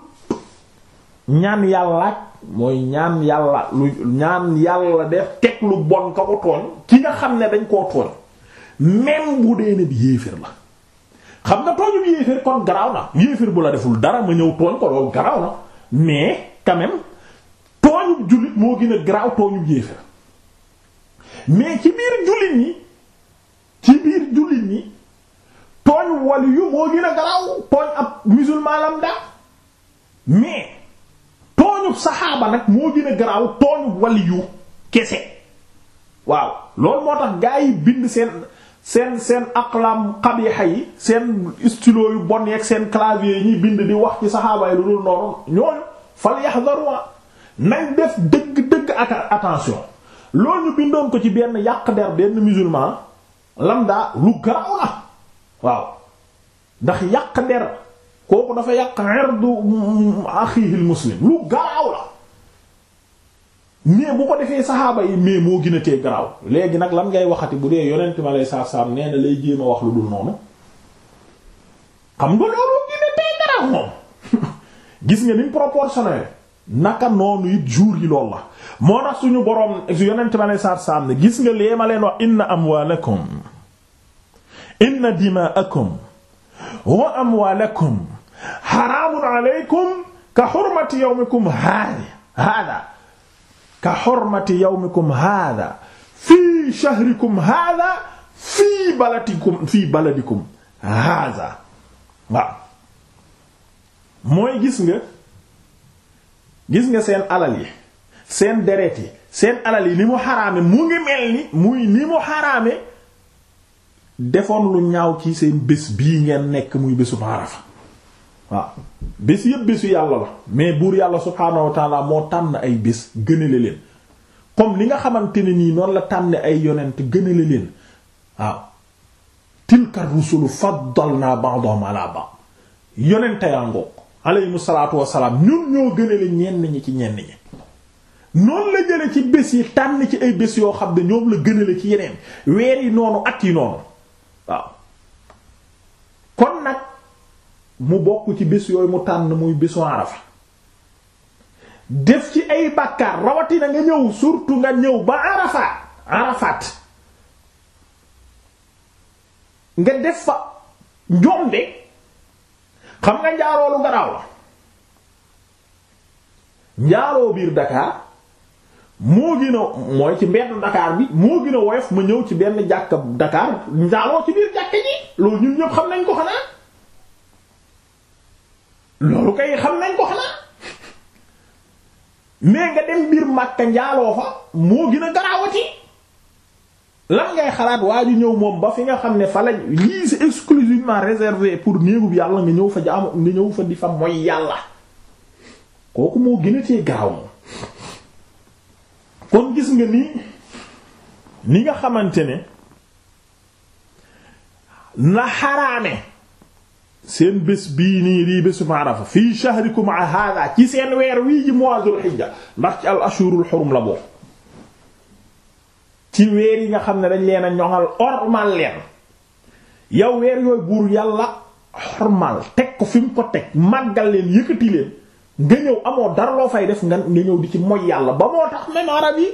ñaan yàlla mooy ñaan yàlla lu ñaan yàlla def teg lu bon ka ko tooñ ki nga xam ne dañ koo tooñ même bu dee ne bi la xam nga tooñu bi kon garaaw na yéeféer bu la deful dara ma ñëw tooñ ko loolu garaaw na mais quand même jullit moo gën a garaaw tooñu yéeféer mais ci biir jullit ñi ci biir jullit ñi tooñ wali yu moo gën a garaaw tooñ ab musulman lambda mais tooñub saxaaba nag moo gën a garaaw tooñub wali yu kese waaw loolu moo tax gaa yi bind seen seen seen aqlam qabiha yi seen stylo yu bon yeeg seen clavier yi ñuy bind di wax ci saxaaba yi lu dul noonu ñooñu fal yahdaru nañ def dëgg dëgg ak attention loolu ñu bindoon ko ci benn yàq der benn musulman lamda lu garaaw la waaw ndax yàq der kooku dafa yàq irdu mm, axihil muslim lu garaaw la mais bu ko defee saxaaba yi mais moo gën a léegi nag lan ngay waxati bu dee yonent ma lay saaf-saaf nee na lay jéem a wax lu dul noonu xam nga loolu gën a moom gis nga ni proportionnel naka noonu it jour yi loolu la moo tax suñu boroom yonent ma lay saaf-saaf ne gis nga lee ma leen wax inna amwalakum inna dimaa'akum wa amwaalakum xaraamun aleykum ka xurmati yawmikum haadaa ka xurmati yawmikum haadaa fii shahrikum haadaa fii baladikum fii baladikum haadaa mooy gis nga gis nga seen alal yi seen deret yi seen alal yi ni mu xaraame mu ngi mel ni muy ni mu xaraame defoon lu ñaaw ci seen bés bii ngeen nekk muy bésu Arafa waaw bés yépp bésu yàlla la mais buur yàlla subhaanahu wa moo tànn ay bés gënale leen comme li nga xamante ne nii noonu la tànn ay yonent gënale leen waaw tilka rusulu faddalna ba'dahum ala ba'd yonente yaa ngoog aleyhimu salaatu wassalaam ñun ñoo gënale ñenn ñi ci ñenn ñi noonu la jële ci bés yi tànn ci ay bés yoo xam ne ñoom la gënale ci yeneen weer yi noonu at yi noonu waaw kon nag mu bokk ci bés yooyu mu tànn muy bésu Arafa def ci ay bàkkaar rawatina nga ñëw surtout nga ñëw ba Arafat Arafat nga def fa njombe xam nga njaaroo lu garaaw la njaaroo biir Dakar moo gën a mooy ci benn Dakar bi moo gën a woyof ma ñëw ci benn jàkka Dakar njaaloo ci biir jàkka ji loolu ñun ñëpp xam nañ ko xanaa loolu kay xam nañ ko xanaa mais nga dem biir Makka njaaloo fa moo gën a garaawati lan ngay xalaat waa ju ñëw moom ba fi nga xam ne fa lañ lii c'est exclusivement réservé pour néegub yàlla nga ñëw fa jaamu ñëw fa di fa mooy yàlla kooku moo gën a tee garaaw kon gis nga ni ni nga xamante ne na xaraame seen bés bii nii lii bésum arafa fii shahrikum hada ci seen weer wii ji mois dul xijja ndax ci al ashurul xurum la bokk ci weer yi nga xam ne dañ leen a ñoŋal ormal leen yow weer yooyu buur yàlla xormal teg ko fi mu ko teg màggal leen yëkkati leen nga ñëw amoo dara loo fay def nga nga ñëw di ci moy yàlla ba moo tax même arab yi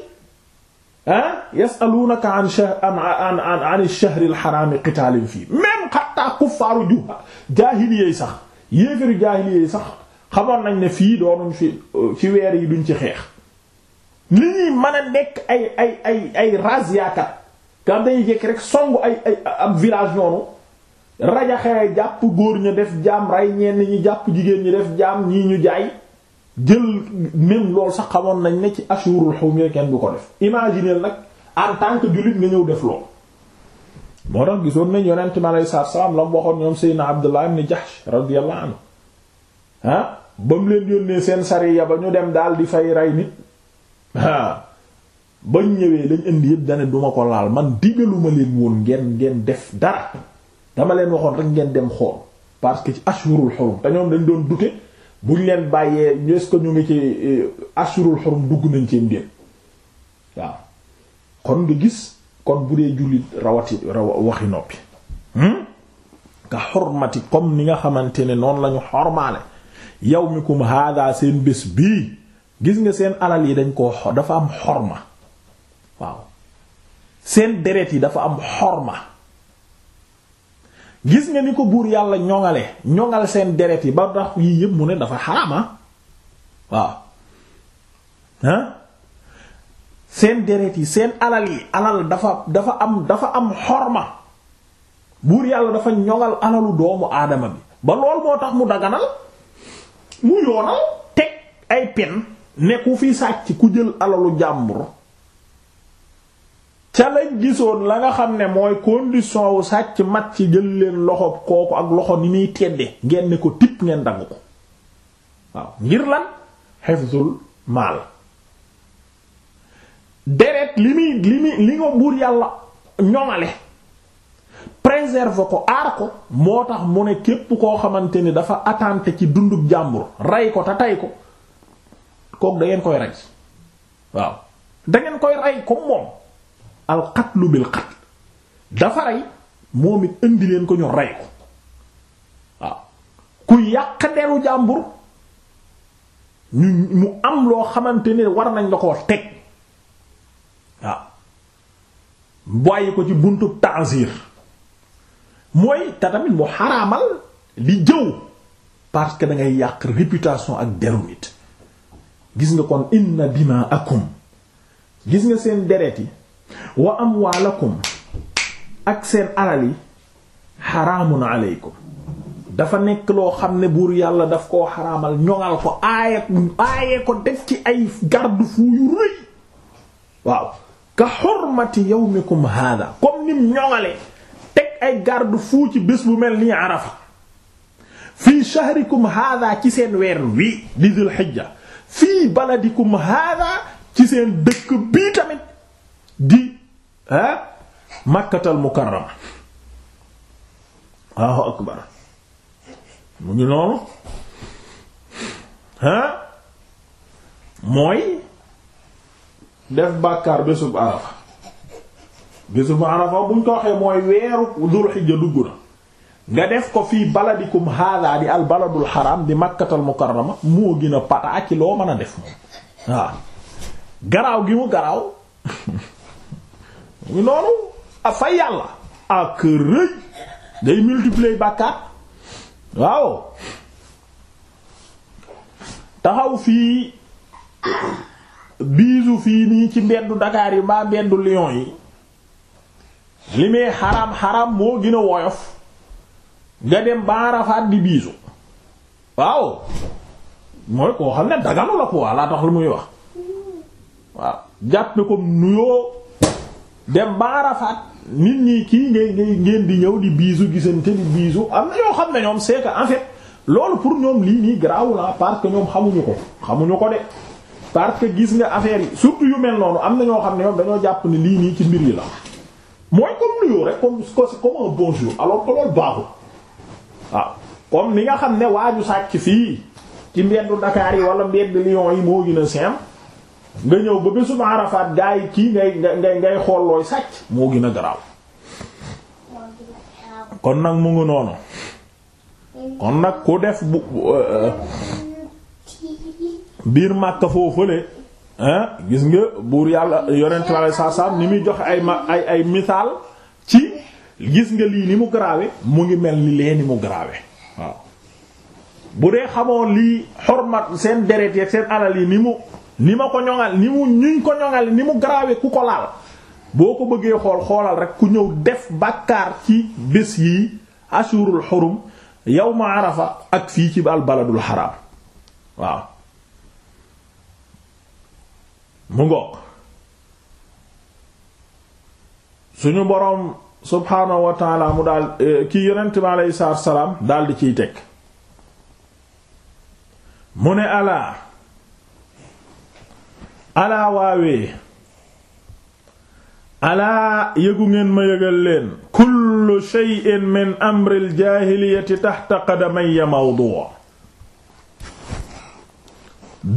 ah yasalunaka an an an an ash-shahr al-haram qitaalin fii même xatta kuffaaru juha jaahiliyee sax yéefaru jaahiliyee sax xamoon nañ ne fii doonuñ fi ci weer yi duñ ci xeex li ñuy mën a nekk ay ay ay ay razziakat nga dañuy jekk rek songu ay ay ab village noonu rajaxee jàpp góor ña def jaam rey ñenn ñi jàpp jigéen ñi def jaam ñii ñu jaay jël même lool sax xamoon nañ ne ci ashurul hurum kenn du ko def imaginer nag en tant jullit nga ñëw def lool moo tax gisoon nañ yonent mi alayhi salaatu salaam la mu waxoon ñoom Seydina Abdullah ibn Jahsh radiyallahu anhu ah ba leen yónnee seen sariya ba ñu dem daal di fay rey nit ah bañ ñëwee lañ indi yëpp dane duma ko laal man digaluma leen woon ngeen ngeen def dara dama leen waxoon rek ngeen dem xool parce que ci ashurul xurum te ñoom dañ doon dute buñ leen bàyyee ñu est que ñu ngi ci euh, ashurul xurum dugg nañ ci mbir waaw kon nga gis kon bu dee jullit rawati raw waxi noppi nga hmm? xormati comme ni nga xamante ne noonu lañu xormaale yawmikum hada seen bés bii gis nga seen alal yi dañ ko dafa am xorma waaw seen deret yi dafa am xorma gis nga ni ko buur yàlla ñoŋale ñoŋal seen deret yi ba tax yii yëpp mu ne dafa xaraama ah? waaw ah seen deret yi seen alal yi alal dafa dafa am dafa am xorma buur yàlla dafa ñoŋal alalu doomu aadama bi ba lool moo tax mu daganal mu yoonal teg ay pen ne ku fi sàcc ku jël alalu jàmbur ca lañ gisoon la nga xam ne mooy condition wu sàcc mat ci jël leen loxo kooku ak loxo ni muy tedde ngeen ne ko tip ngeen dagg ko waaw ngir lan hifzul maal deret li muy li muy li nga buur yàlla ñomale préserve ko aar ko moo tax mu ne képp koo xamante ni dafa attenter ci dundub jàmbur rey ko te tey ko kook dangeen koy rey waaw da ngeen koy rey comme moom al qatlu bil qatl dafa rey moom it indi leen ko ñu rey ko waaw ku yàq deru jàmbur ñu mu am loo xamante ne war nañ la koo teg waaw bàyyi ko ci buntu ta'zir mooy te tamit mu xaraamal li jëw parce que dangay ngay yàq réputation ak deru nit gis nga kon inna dimaakum gis nga seen deret yi wa amwaalakum ak seen alal yi xaraamun aleykum dafa nekk loo xam ne buur yàlla daf koo xaraamal ñoŋal ko aaye ko def ci ay garde-fou yu rëy waaw ka xormati yawmikum hada comme nim ñoŋale teg ay garde-fou ci bés bu mel nii arafa fii shahrikum hada ci seen weer wii di dul xijja fii baladikum hada ci seen dëkk bii di màkkatal makkatal mukarrama waaw akbar mu ngi noonu ah mooy def bàkkaar bésub arafa bésub arafa buñ ko waxee mooy weeru dul xijja dugg na nga def ko fii baladikum haadaa di al baladul xaram di makkatal mukarrama moo gën a pataa ci loo mën a def moom waaw garaaw gi mu garaaw mu noonu a fay yàlla ak rëy day multiplier bàkkaar waaw taxaw fii biisu fii nii ci mbeddu Dakar yi mbaa mbeddu Lyon yi li mee xaram xaram moo gën a woyof nga dem ba Arafat di biisu waaw mooy koo xam ne daganu la ko waa laa tax lu muy wax waaw jàppe ko nuyoo dem ba Arafat nit ñi kii ngay ngay ngeen di ñëw di biisu gisante di biisu am na ñoo xam ne ñoom c'est que en fait loolu pour ñoom lii nii garaawul ah parce que ñoom xamuñu ko xamuñu ko de parce que gis nga affaire yi surtout yu mel noonu am na ñoo xam ne ñoom dañoo jàpp ne lii nii ci mbir yi la mooy comme nuyoo rek comme comme un bonjour alors que loolu baaxul waaw ah, comme ni nga xam ne waaju sàcc fii ci mbeddu Dakar yi wala mbedd Lyon yi moo gën a simple nga ñëw ba bésub Arafat gaay yi kii ngay ngay ngay xool looy sàcc moo gën garaaw kon nag mu ngi noonu kon nag ku def bu uh, biir Makka foofule gis nga buur yàlla yonent la saa saa ni muy joxe ay ma misaal ci gis nga lii ni mu garaawe mu ngi mel ni lee mu garaawe waaw bu dee xamoo lii xormat seen deret yeek seen alal yi ni mu ni ma ko ñoŋal ni mu ñuñ ko ñoŋal ni mu garaawe ku ko laal boo ko bëggee xool xoolal rek ku ñëw def bàkkaar ci bés yi xorum yow ma arafa ak fii ci al baladul xaraam waaw mu ngoog suñu boroom subhaanahu mu daal eh, ki yonent bi aleyhi salaatu salaam daal di ciy tekk mu ne alaa alaa waawee alaa yëgu ngeen ma yëgal leen kullu shay'in min amril jaahiliyati tahta qadamayya mawdu'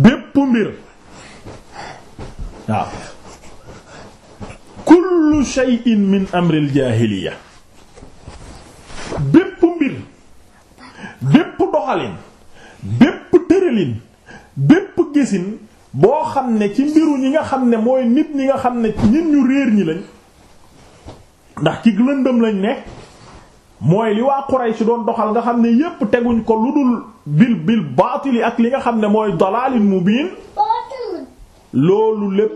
bépp mbir waaw kullu min amril jaahiliya bépp mbir bépp doxalin bépp tëralin bépp gisin boo xam ne ci mbiru ñi nga xam ne mooy nit ñi nga xam ne nit ñu réer ñi lañ ndax ci lëndëm lañ ne mooy li waa Quraysh doon doxal nga xam ne yépp teguñ ko lu dul bil bil baatili ak li nga xam ne mooy dalaalin mubiin loolu lépp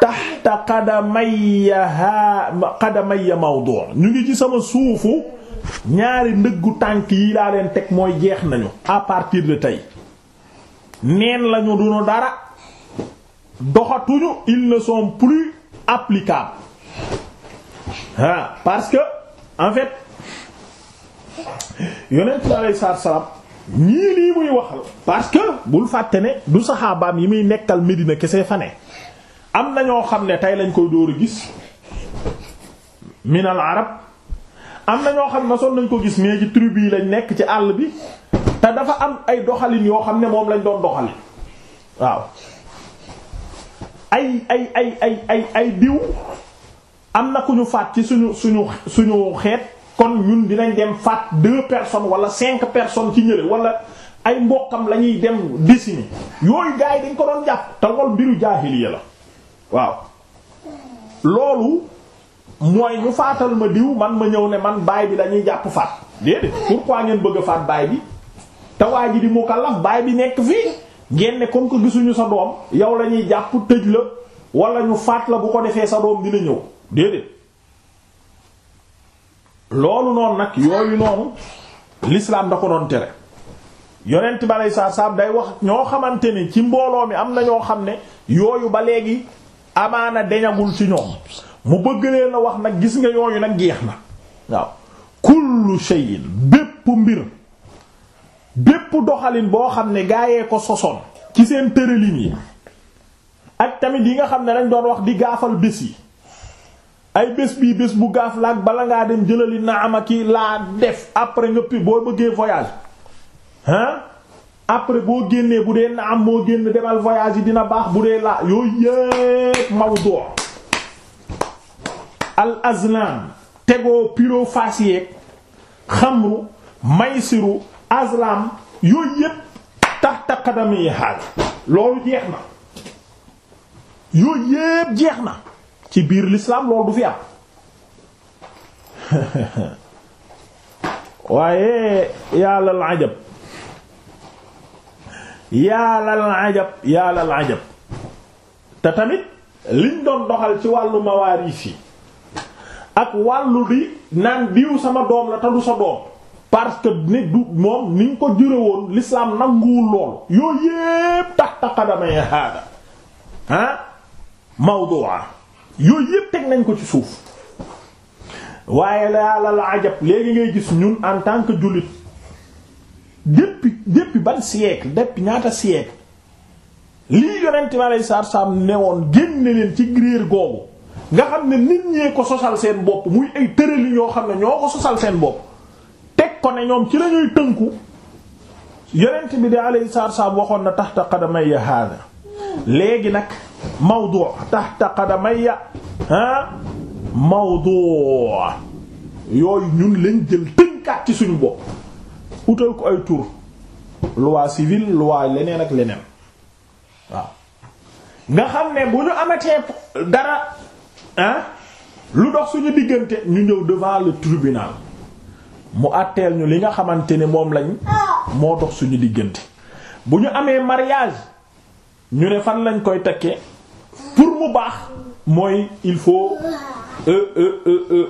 taxta qadamaya ha qadamaya mawdu' ñu ngi ci sama suufu ñaari ndëggu tànk yi laa leen teg mooy jeex nañu à partir de tey neen lañu duñu dara doxatuñu ils ne sont plus applicables ah parce que en fait yonent bi aleyhi salaatu salaam ñii lii muy waxal parce que bul fàtte ne du saxaabaam yi muy nekkal Medina kese fa am na ñoo xam ne tey lañ koy dóor a gis min al arab am na ñoo xam ne son nañ ko gis mais ci tribu yi lañ nekk ci àll bi te dafa am ay doxalin yoo xam ne moom lañ doon doxalin waaw ay ay ay ay ay ay diw am na ku ñu faat ci suñu suñu suñu xeet kon ñun dinañ dem faat deux personnes wala cinq personnes ci ñële wala ay mbokkam la ñuy dem décimer yooyu gars yi dañ ko doon jàpp te lool mbiru jaahiliya la waaw loolu mooy ñu faatal ma diw man ma ñëw ne man baay bi lañuy jàpp faat déedéet pourquoi ngeen bëgg a faat baay bi te waa ji di mukallaf baay bi nekk fii ngeen ne comme que gisuñu sa doom yow lañuy ñuy jàpp tëj la wala ñu faat la bu ko defee sa doom dina ñëw déedéet loolu noonu nag yooyu noonu l'islam da ko doon tere yonent balay saa saam day wax ñoo xamante ni ci mbooloo mi am na ñoo xam ne yooyu ba léegi amaana deñagul ci ñoom mu bëgg leen a wax nag gis nga yooyu nag jeex na waaw kullu shay'in bépp mbir bépp doxalin boo xam ne gaayee ko sosoon ci seen tërëlin yi ak tamit yi nga xam ne dañ doon wax di gaafal bés yi ay bés bii bés bu gaaf la ak bala ngaa dem jëlali naama ki laa def après nga pi boo bëggee voyage hein après boo génnee bu dee am moo génn demal voyage yi dina baax bu dee laa yooyu yépp mawdu al azlam tegoo piro fasiyeek xamru maysiru azlam yooyu yépp tahta qadami haal loolu jeex na yooyu yépp jeex na ci biir l'islam loolu du fi am waaye yaalal ajab yaalal ajab yaalal ajab te tamit liñ doon doxal ci wàllu mawaariis yi ak wàllu di naan diw sama doom la te du sa doom parce que ni du moom ni nga ko jure woon l'islam nanguwul loolu yooyu yépp taxta qadamay hada ah mawdu'a yooyu yépp teg nañ ko ci suuf waaye laa la ajab léegi ngay gis ñun en tant que jullit depuis déppi ban siècle depuis ñaata siècle lii yonent bi aleyhi salaatu salaam ne woon génne leen ci réer googu nga xam ne nit ñee ko sosal seen bopp muy ay tërëli yoo xam ne ñoo ko sosal seen bopp ko ne ñoom ci lañuy tënku yonent bi de alayhi salaatu waxoon na tahta qadamayya hada léegi nag mawdu tahta ya ah mawdu yooyu ñun lañ jël tënkaat ci suñu bopp utal ko ay tur loi civile loi leneen ak leneen waaw nga xam ne bu ñu amatee dara ah lu dox suñu diggante ñu ñëw devant le tribunal mu àtteel ñu li nga xamante ne moom lañ moo dox suñu diggante bu ñu amee mariage ñu ne fan lañ koy takkee pour mu baax mooy il faut euh, euh,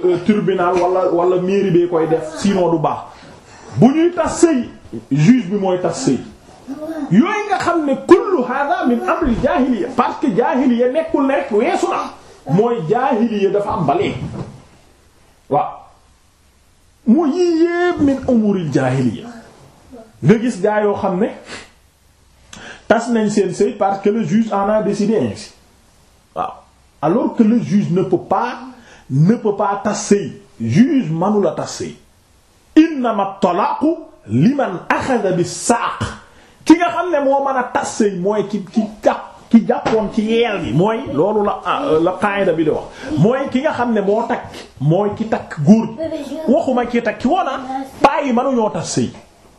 euh, tribunal walla wala mairie bee koy def sinon du baax bu ñuy tas sëy juge bi mooy tas sëy yooyu nga xam ne kullu hada min amri jaahiliya parce que jaahiliya nekkul ne rek weesu na mooy jaahiliya dafa am balee waaw mooy yii yépp min umuril jaahiliya nga gis gaa yoo xam ne tas nañ seen sëy parce que le juge en a décidé ainsi waaw alors que le juge ne peut pas ne tas sëy juge manula tas sëy innama talaaqu liman axada bi saaq ki nga xam ne moo mën a tas sëy mooy ki ki jàpp ki jàppoon ci yeel gi mooy loolu la ah, la qaayida bi di wax mooy ki nga xam ne moo takk moo ki takk góor waxuma ki takk woona ah, bàyyi mënuñoo tas sëy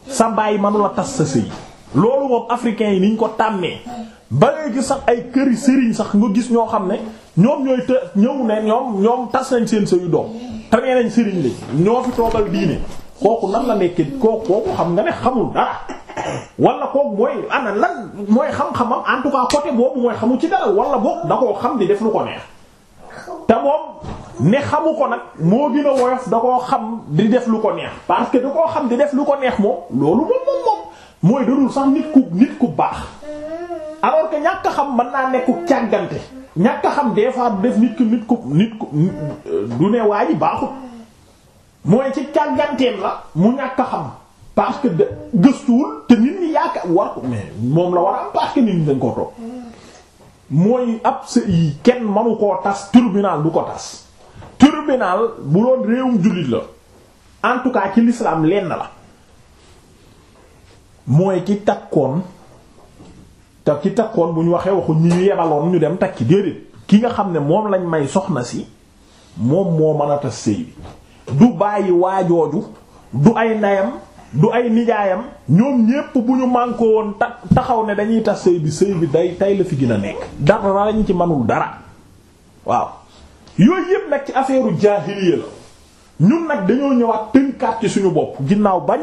sa bàyyi mënula tas sa sëy loolu moom africain yi niñ ko tàmmee ba léegi sax ay këri sëriñ sax nga gis ñoo xam ne ñoom ñooy të ñëw ne ñoom ñoom tas nañ seen sëyu doom te nee nañ sëriñ lañ ñoo fi toogal diine kooku nan la nekk kooku xam nga ne xamul dara wala kooku mooy ana lan mooy xam-xamam en tout cas côté boobu mooy xamu ci dara wala boog da koo xam di def lu ko neex te moom ne xamu ko nag moo gën woyof da koo xam di def lu ko neex parce que da koo xam di def lu ko neex moom loolu moom moom moom mooy darul sax nit ku nit ku baax alors que ñàkk xam man naa nekku càggante ñàkk xam des fois def nit ku nit ku nit ku du ne waa baaxut mooy ci càgganteem la mu ñàkk a xam parce que gëstuwul te nit ñi yaakaar war ko moom la war a am parce nit ñi dañ koo toog mooy ab sa kenn manu koo tas tribunal du ko tas tribunal bu doon réewum jullit la en tout cas ci l'islam lenn la mooy ki takkoon te ci takkoon bu ñu waxee waxu ñu yebaloon ñu dem takki déedéet ki nga xam ne moom lañ may soxna si moom moo mën a tas sëy bi du bàyyi waa waajooju du ay ndeyam du ay nijaayam ñoom ñépp bu ñu mànkoo woon ta taxaw ne dañuy tax sëy bi sëy bi day tay la fi gën a nekk dara lañ ci manul dara waaw yooyu yépp nag ci affaire u jaahiliya la ñun nag dañoo ñëwaat tënkaat ci suñu bopp ginnaaw bañ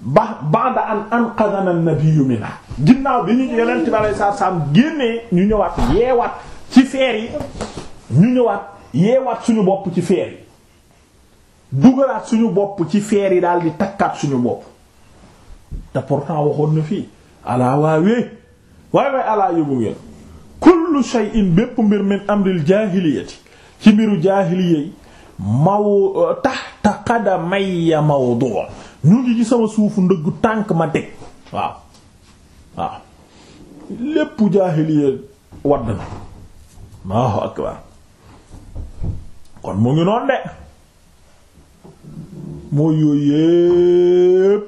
ba ba'da an anqadhana an-nabiyyu minha ginnaaw bi ñu yonent bi alayhi génnee ñu ñëwaat yeewaat ci feer yi ñu ñëwaat yeewaat suñu bopp ci feer yi dugalaat suñu bopp ci feer yi daal di takkaat suñu bopp te pourtant waxoon na fii alaa waawee waaye waaye alaa yóbbu ngeen kullu shay'in bépp mbir min amril jaahiliyati ci mbiru jaahiliya yi maw tahta qadamayya mawdu' ñu ngi ci sama suufu ndëggu tànk ma teg waaw waaw lépp jaahiliya wadd na Allahu akbar kon mu ngi noon de mooy yooy yépp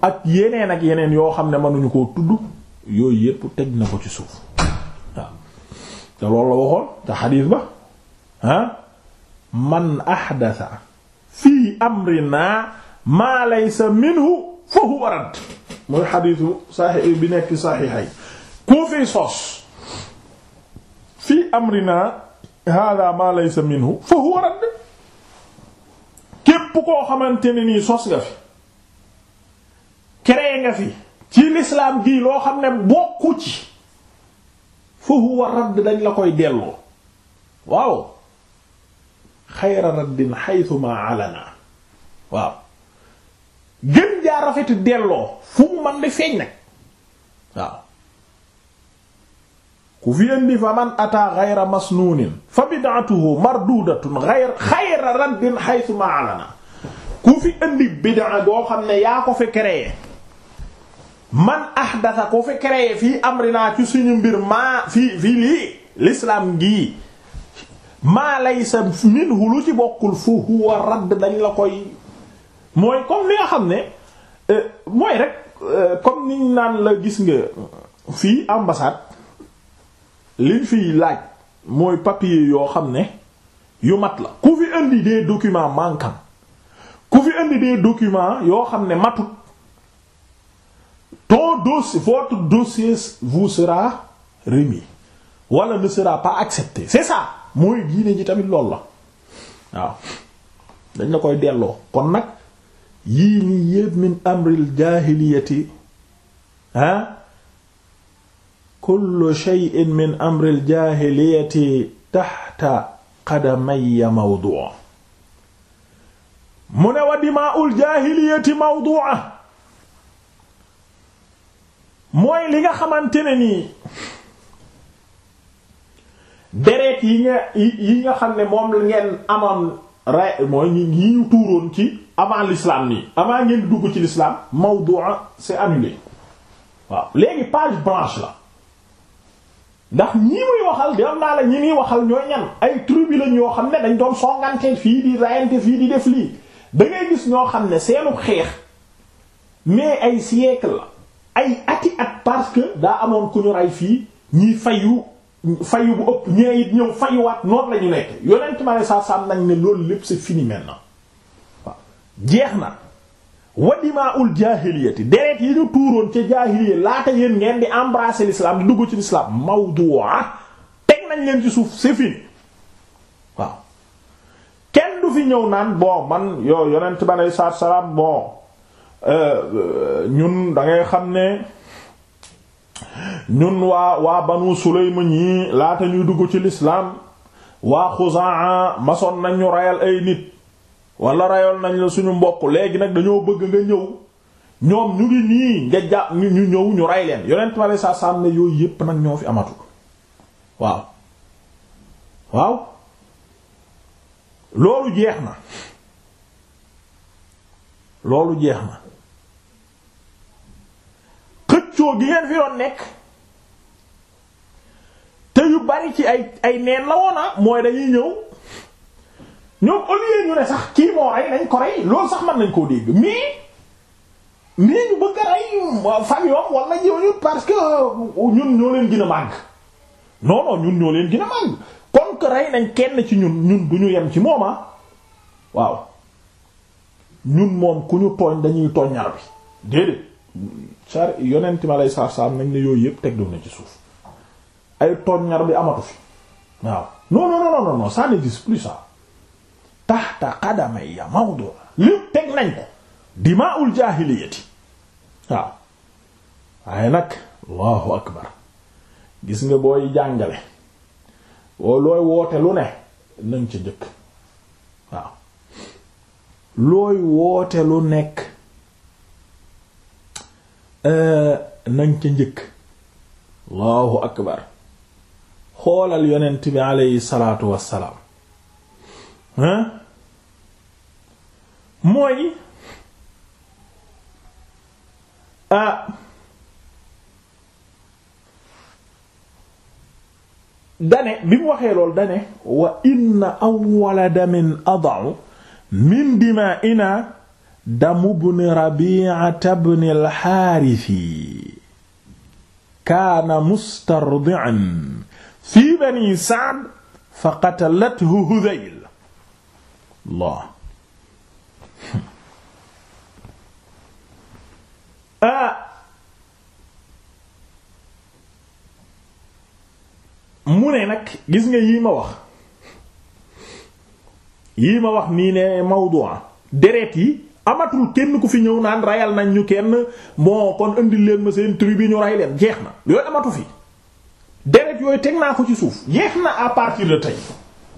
ak yeneen ak yeneen yoo xam ne mënuñu koo tudd yooyu yépp teg na ko ci suuf waaw te loolu la waxoon te xadiis ba ah, man ahdasa fii amrina maa laysa minhu fa huwa radd mooy xadiisu saxi bi nekk saxiixay koo fiy sos fii amrina hada maa laysa minhu fa huwa radd képp koo xamante ne nii sos nga fi créé nga fi ci l'islam gii loo xam ne bokku ci fa huwa radd dañ la koy delloo waaw xayra raddin haythuma alana waaw gën jaa rafet delloo fu mu di feeñ nag waaw ku fi indi fa man ataa ghayra masnuunin fa bid'atuhu mardudatun ghayra khayra raddin haythu ma alana ku fi indi bid'a goo xam ne yaa ko fi créé man ahdatha ko fi créé fii amrina ci suñu mbir maa fii fii lii l'islam gii maa laysa minhu lu ci bokkul fu huwa radd dañ la koy mooy comme li xam ne euh, mooy rek euh, comme niñ naan la gis nga fii ambassade liñ fiy laaj mooy papier yoo xam ne yu mat la ku fi indi des documents manquants ku fi indi des documents yoo xam ne matut ton dossier votre dossier vous sera remis wala ne sera pas accepté c'est ça mooy diine ji tamit loolu la waaw dañ la koy delloo kon nag yii nii yépp min amril jaahiliyati ah kullu shay'in min amril jaahiliyati taxta qadamaya mawdu'a mu ne wa dimaa'ul jaahiliyati mawdu'a mooy li nga xamante ne deret yi nga yi nga xam ne moom ngeen amoon ray mooy ñi ñu tuuroon ci avant l'islam nii avant ngeen dugg ci l'islam mawdu'a c'est annulé waaw léegi page blanche la ndax ñii muy waxal di am naa la ñi muy waxal ñooy ñan ay tribu lañ yoo xam ne dañ doon songante fii di rayante fii di def lii da ngay gis ñoo xam ne seenu xeex mais ay siècle la ay ati at parce que daa amoon ku ñu rey fii ñii fayu fayu bu ëpp ñee it ñëw fayuwaat noonu la ñu nekk yonent ma ne saa ne loolu lépp c'est fini maintenant jeex na wa dimaa'ul jaahiliyati deret yi ñu tuuroon ca jaahiliya laata yéen ngeen di embrasser l'islam di dugg ci l'islam mawdu'a teg nañ leen ci suuf c'est fini waaw kenn du fi ñëw naan bon man yoo yonent bi aleyhi salaatu salaam bon euh, ñun da xam ne ñun waa waa banu Sulaym ñii laata ñuy dugg ci lislaam waa Xuzaa masoon nañ ñu reyal ay nit. wala rayoon nañ la suñu mbokk léegi nag dañoo bëgg nga ñëw ñoom ñu ngi nii nga jàpp ñu ñëw ñu rey leen yonent ma sa sàmm yooyu yépp nag ñoo fi amatu waaw waaw loolu jeex na loolu jeex na xëccoo gi ngeen fi doon nekk te yu bari ci ay ay neen la woona ah. mooy dañuy ñëw ñoo au lieu ñu ne sax kii moo rey nañ ko rey loolu sax mën nañ koo dégg mais mais ñu bëgg rey famille am wala ñooñu parce que euh, ñun ñoo leen gën a màgg non ñun ñoo leen gën a màgg rey nañ kenn ci ñun ñun du ñu yem ci moom ah. waaw ñun moom ku ñu tooñ dañuy tooñ ñaar bi déedéet. char yonent ma lay saaf saaf nañ ne yooyu yëpp teg nañ ci suuf ay tooñ ñaar bi amatu fi waaw non non non non non ça plus ça. tahta qadamayya mawdu li teg nañ ko dimaa'ul jaahiliyati waaw waaye nag allahu akbar gis nga booy jàngale woo looy woote lu ne nañ ca nekk euh, nañ ca njëkk allahu akbar xoolal yonent bi aleyhi salaatu wassalaam mooy ah dane bi mu waxee lool dane wa inna awwala damin ada'u min dima'ina damu bni rabi'ata bni al-harith kaana mustardi'an fi bani sa'd fa qatalathu hudhayl Allah Ah. mu ne nag gis nga yii ma wax yii ma wax nii ne mawdu'a ah. deret yi amatul kenn ku fi ñëw naan rayal nañ ñu kenn moo kon indil leen ma seen tribu ñu ray leen jeex na yooyu amatu fi deret yooyu teg naa ko ci suuf jeex na à partir de tey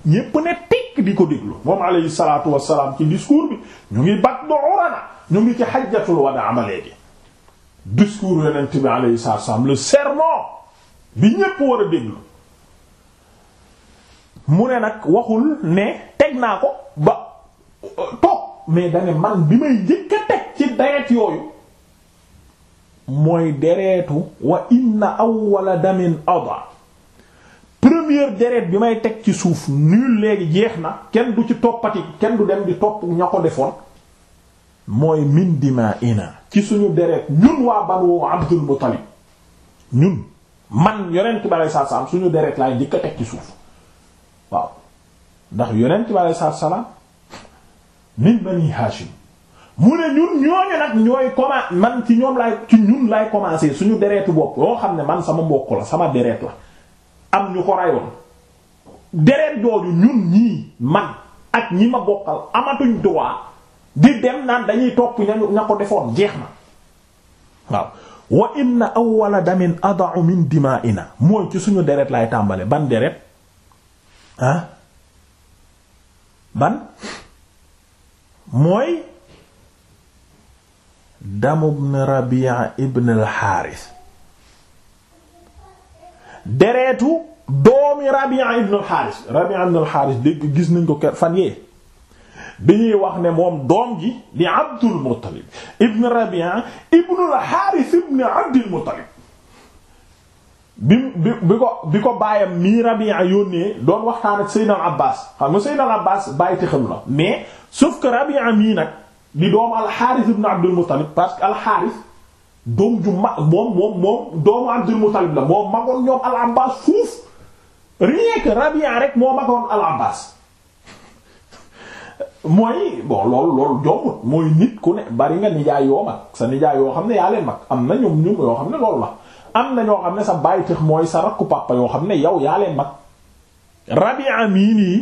ñépp ne tekk di ko déglu moom alayhi salaatu wassalaam ci discours bi ñu ngi bat do orana ñu ngi ci xajjatul wada amalee bi discours yonent bi alayhi salaam le sermon bi ñépp war a déglu mu ne nag waxul ne teg naa ko ba toog mais dane man bi may jëkk a teg ci deret yooyu mooy deretu wa inna awwala damin ada première deret bi may teg ci suuf nul léegi jeex na kenn du ci toppati kenn du dem di topp ña ko defoon mooy min dima ina ci suñu deret ñun waa Banu Abdul Muttalib ñun man yonent bi alei salaam suñu dereet laay njëkk a teg ci suuf waaw ndax yonent bi alei satu salaam min Bani Hashim mu ne ñun ñooñu nag ñooy commence man ci ñoom laay ci ñun laay commencer suñu deretu bopp yoo xam ne man sama mbokk la sama deret la am ñu ko rayoon deret jooju ñun ñii man ak ñi ma bokkal amatuñ droit di dem naan dañuy topp ña ko defoon jeex na waaw wa inna awwala damin ada'u min dima'ina mooy ci suñu deret lay tàmbale ban deret ah ban mooy damu ibn Rabi'a ibn al-Harith doomi Rabi'a ibn al Rabi'a ibn al-Harith gis nañ ko fan yee bi ñuy wax ne moom doom ji di Abdul Muttalib ibn Rabi'a ibn al ibn Abdul Muttalib bi bi ko bi ko baayam mii Rabi'a yónnee doon waxtaan ak Seydina Abbas xam nga Seydina Abbas bàyyi te xam la mais sauf que Rabi'a mii di doomu al ibn Abdul Muttalib parce que al-Harith doom ju moom moom moom doomu al-Abbas fuuf rien Rabi'a rek moo magoon al-Abbas mooy bon loolu loolu jombut mooy nit ku ne bari nga nijaay yoo mag sa nijaay yoo xam ne yaa leen mag am na ñoom ñoom yoo xam ne loolu la am na ñoo xam ne sa bàyyi tax mooy sa rakku papa yoo xam ne yow yaa leen mag Rabi'a mii nii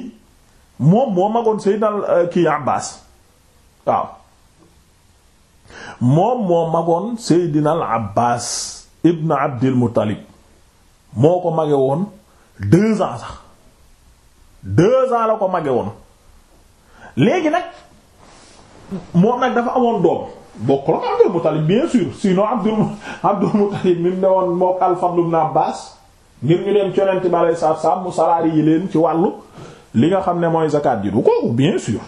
moom moo magoon Seydina euh, kii Abbas waaw moom moo magoon Seydina Abbas ibn Abdil Muttalib moo ko mage woon deux sax deux la ko mage woon léegi nag moo nag dafa amoon doom bokkul ak Abdul Muttalib bien sûr sinon Abdul Abdul Muttalib mi ne woon mook al-Fadl ibn Abbas ngir ñu dem ci Yonent bi alayhi salaatu mu salaari yi leen ci wàllu li nga xam ne mooy zakat ji du kooku bien sûr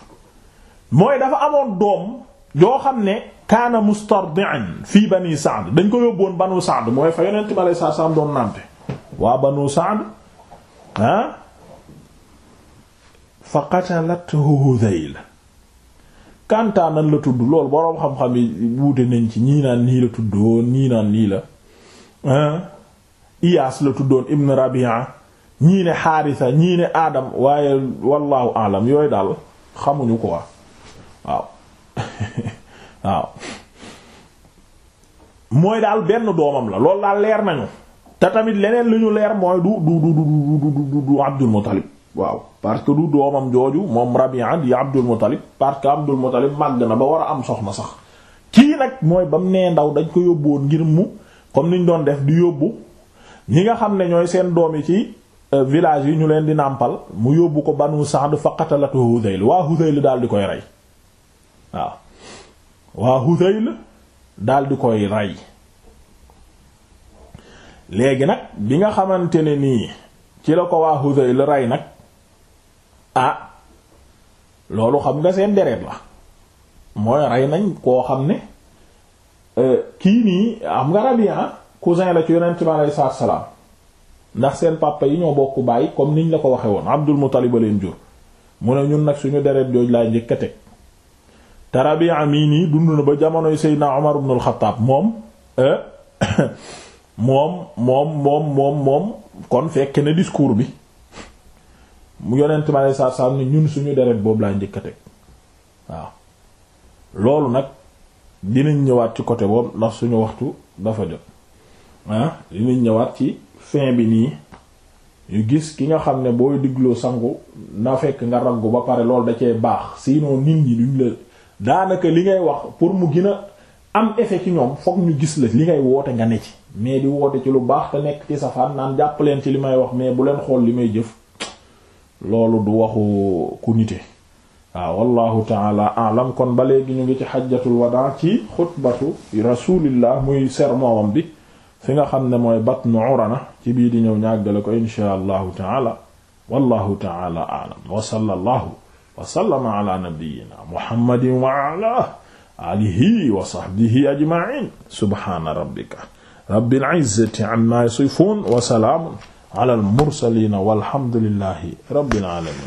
mooy dafa amoon doom yoo xam ne kaana mustardi'an fii bani Sa'd dañ ko yóbboon banu Sa'd mooy fa Yonent bi alayhi salaatu salaam doon nàmpe waa banu Sa'd ah fa qatalathu Hudhayl kantaa la tudd loolu boroom xam-xam yi wuute nañ ci ñii naan nii la tuddoon ñii nii la Iyaas la tuddoon ibn Rabi'a ñii ne Haarisa ñii ne Adam waaye wallaahu alam yooyu daal xamuñu ko waaw waaw mooy daal benn doomam la loolu daal leer nañu te tamit leneen lu ñu leer mooy du du du du du du Abdul Muttalib waaw parce que du doomam jooju moom Rabi'a di Abdul Muttalib parce que Abdul Muttalib màgg na ba war a am soxna sax kii nag mooy ba mu nee ndaw dañ ko yóbbuwoon ngir mu comme niñ doon def di yóbbu ñi nga xam ne ñooy seen doom yi ci euh, village yi ñu leen di nàmpal mu yóbbu ko Banu Sa'd fa qatalatu Hudayl waa Hudayl daal di koy rey waaw daal di koy rey léegi nag bi nga xamante ne nii ci la ko waa Hudayl rey nag Ah, loolu xam nga seen deret la mooy rey nañ koo xam ne euh, kii nii xam nga Rabi'a ah, cousin la ci yonent bi alayhi salaam ndax seen papa yi ñoo bokk bàyyi comme niñ la ko waxe woon Abdul Muttalib leen jur mu ne ñun nag suñu deret jooj laa njëkk a teg te Rabi'a mii nii dund na ba jamonoy Seydina Omar ibn al-Khattab euh, moom moom moom moom moom kon fekk na discours bi mu yonent ma lay saar saar ni ñun suñu deret boobu laa njëkk a teg loolu nag dinañ ñëwaat ci côté boobu ndax suñu waxtu dafa jot ah dinañ ñëwaat ci fin bi nii ñu gis ki nga xam ne booy digloo sangu na fekk nga rangu ba pare loolu da cee baax sinon nit ñi duñ la daanaka li ngay wax pour mu gën a am effet ci ñoom fokk ñu gis la li ngay woote nga ne ci mais di woote ci lu baax te nekk ci safaan naan jàpp leen ci li may wax mais bu leen xool li may jëf loolu du waxu ku nite waaw wallahu taala alam kon ba léegi ñu ngi ci xajjatul wadaa ci xutbatu rasulillah muy ser bi fi nga xam ne mooy batnu urana ci bii di ñëw ñàggale ko inshaa allahu taala wallahu taala alam wa sallallahu wa sallama ala nabiyyina muhammadin wa ala alihi wa sahbihi ajma'in subhana rabbika rabbil izzati amma yasifun wa salaamun ala al mursaliina walhamdulillahi rabbil alamin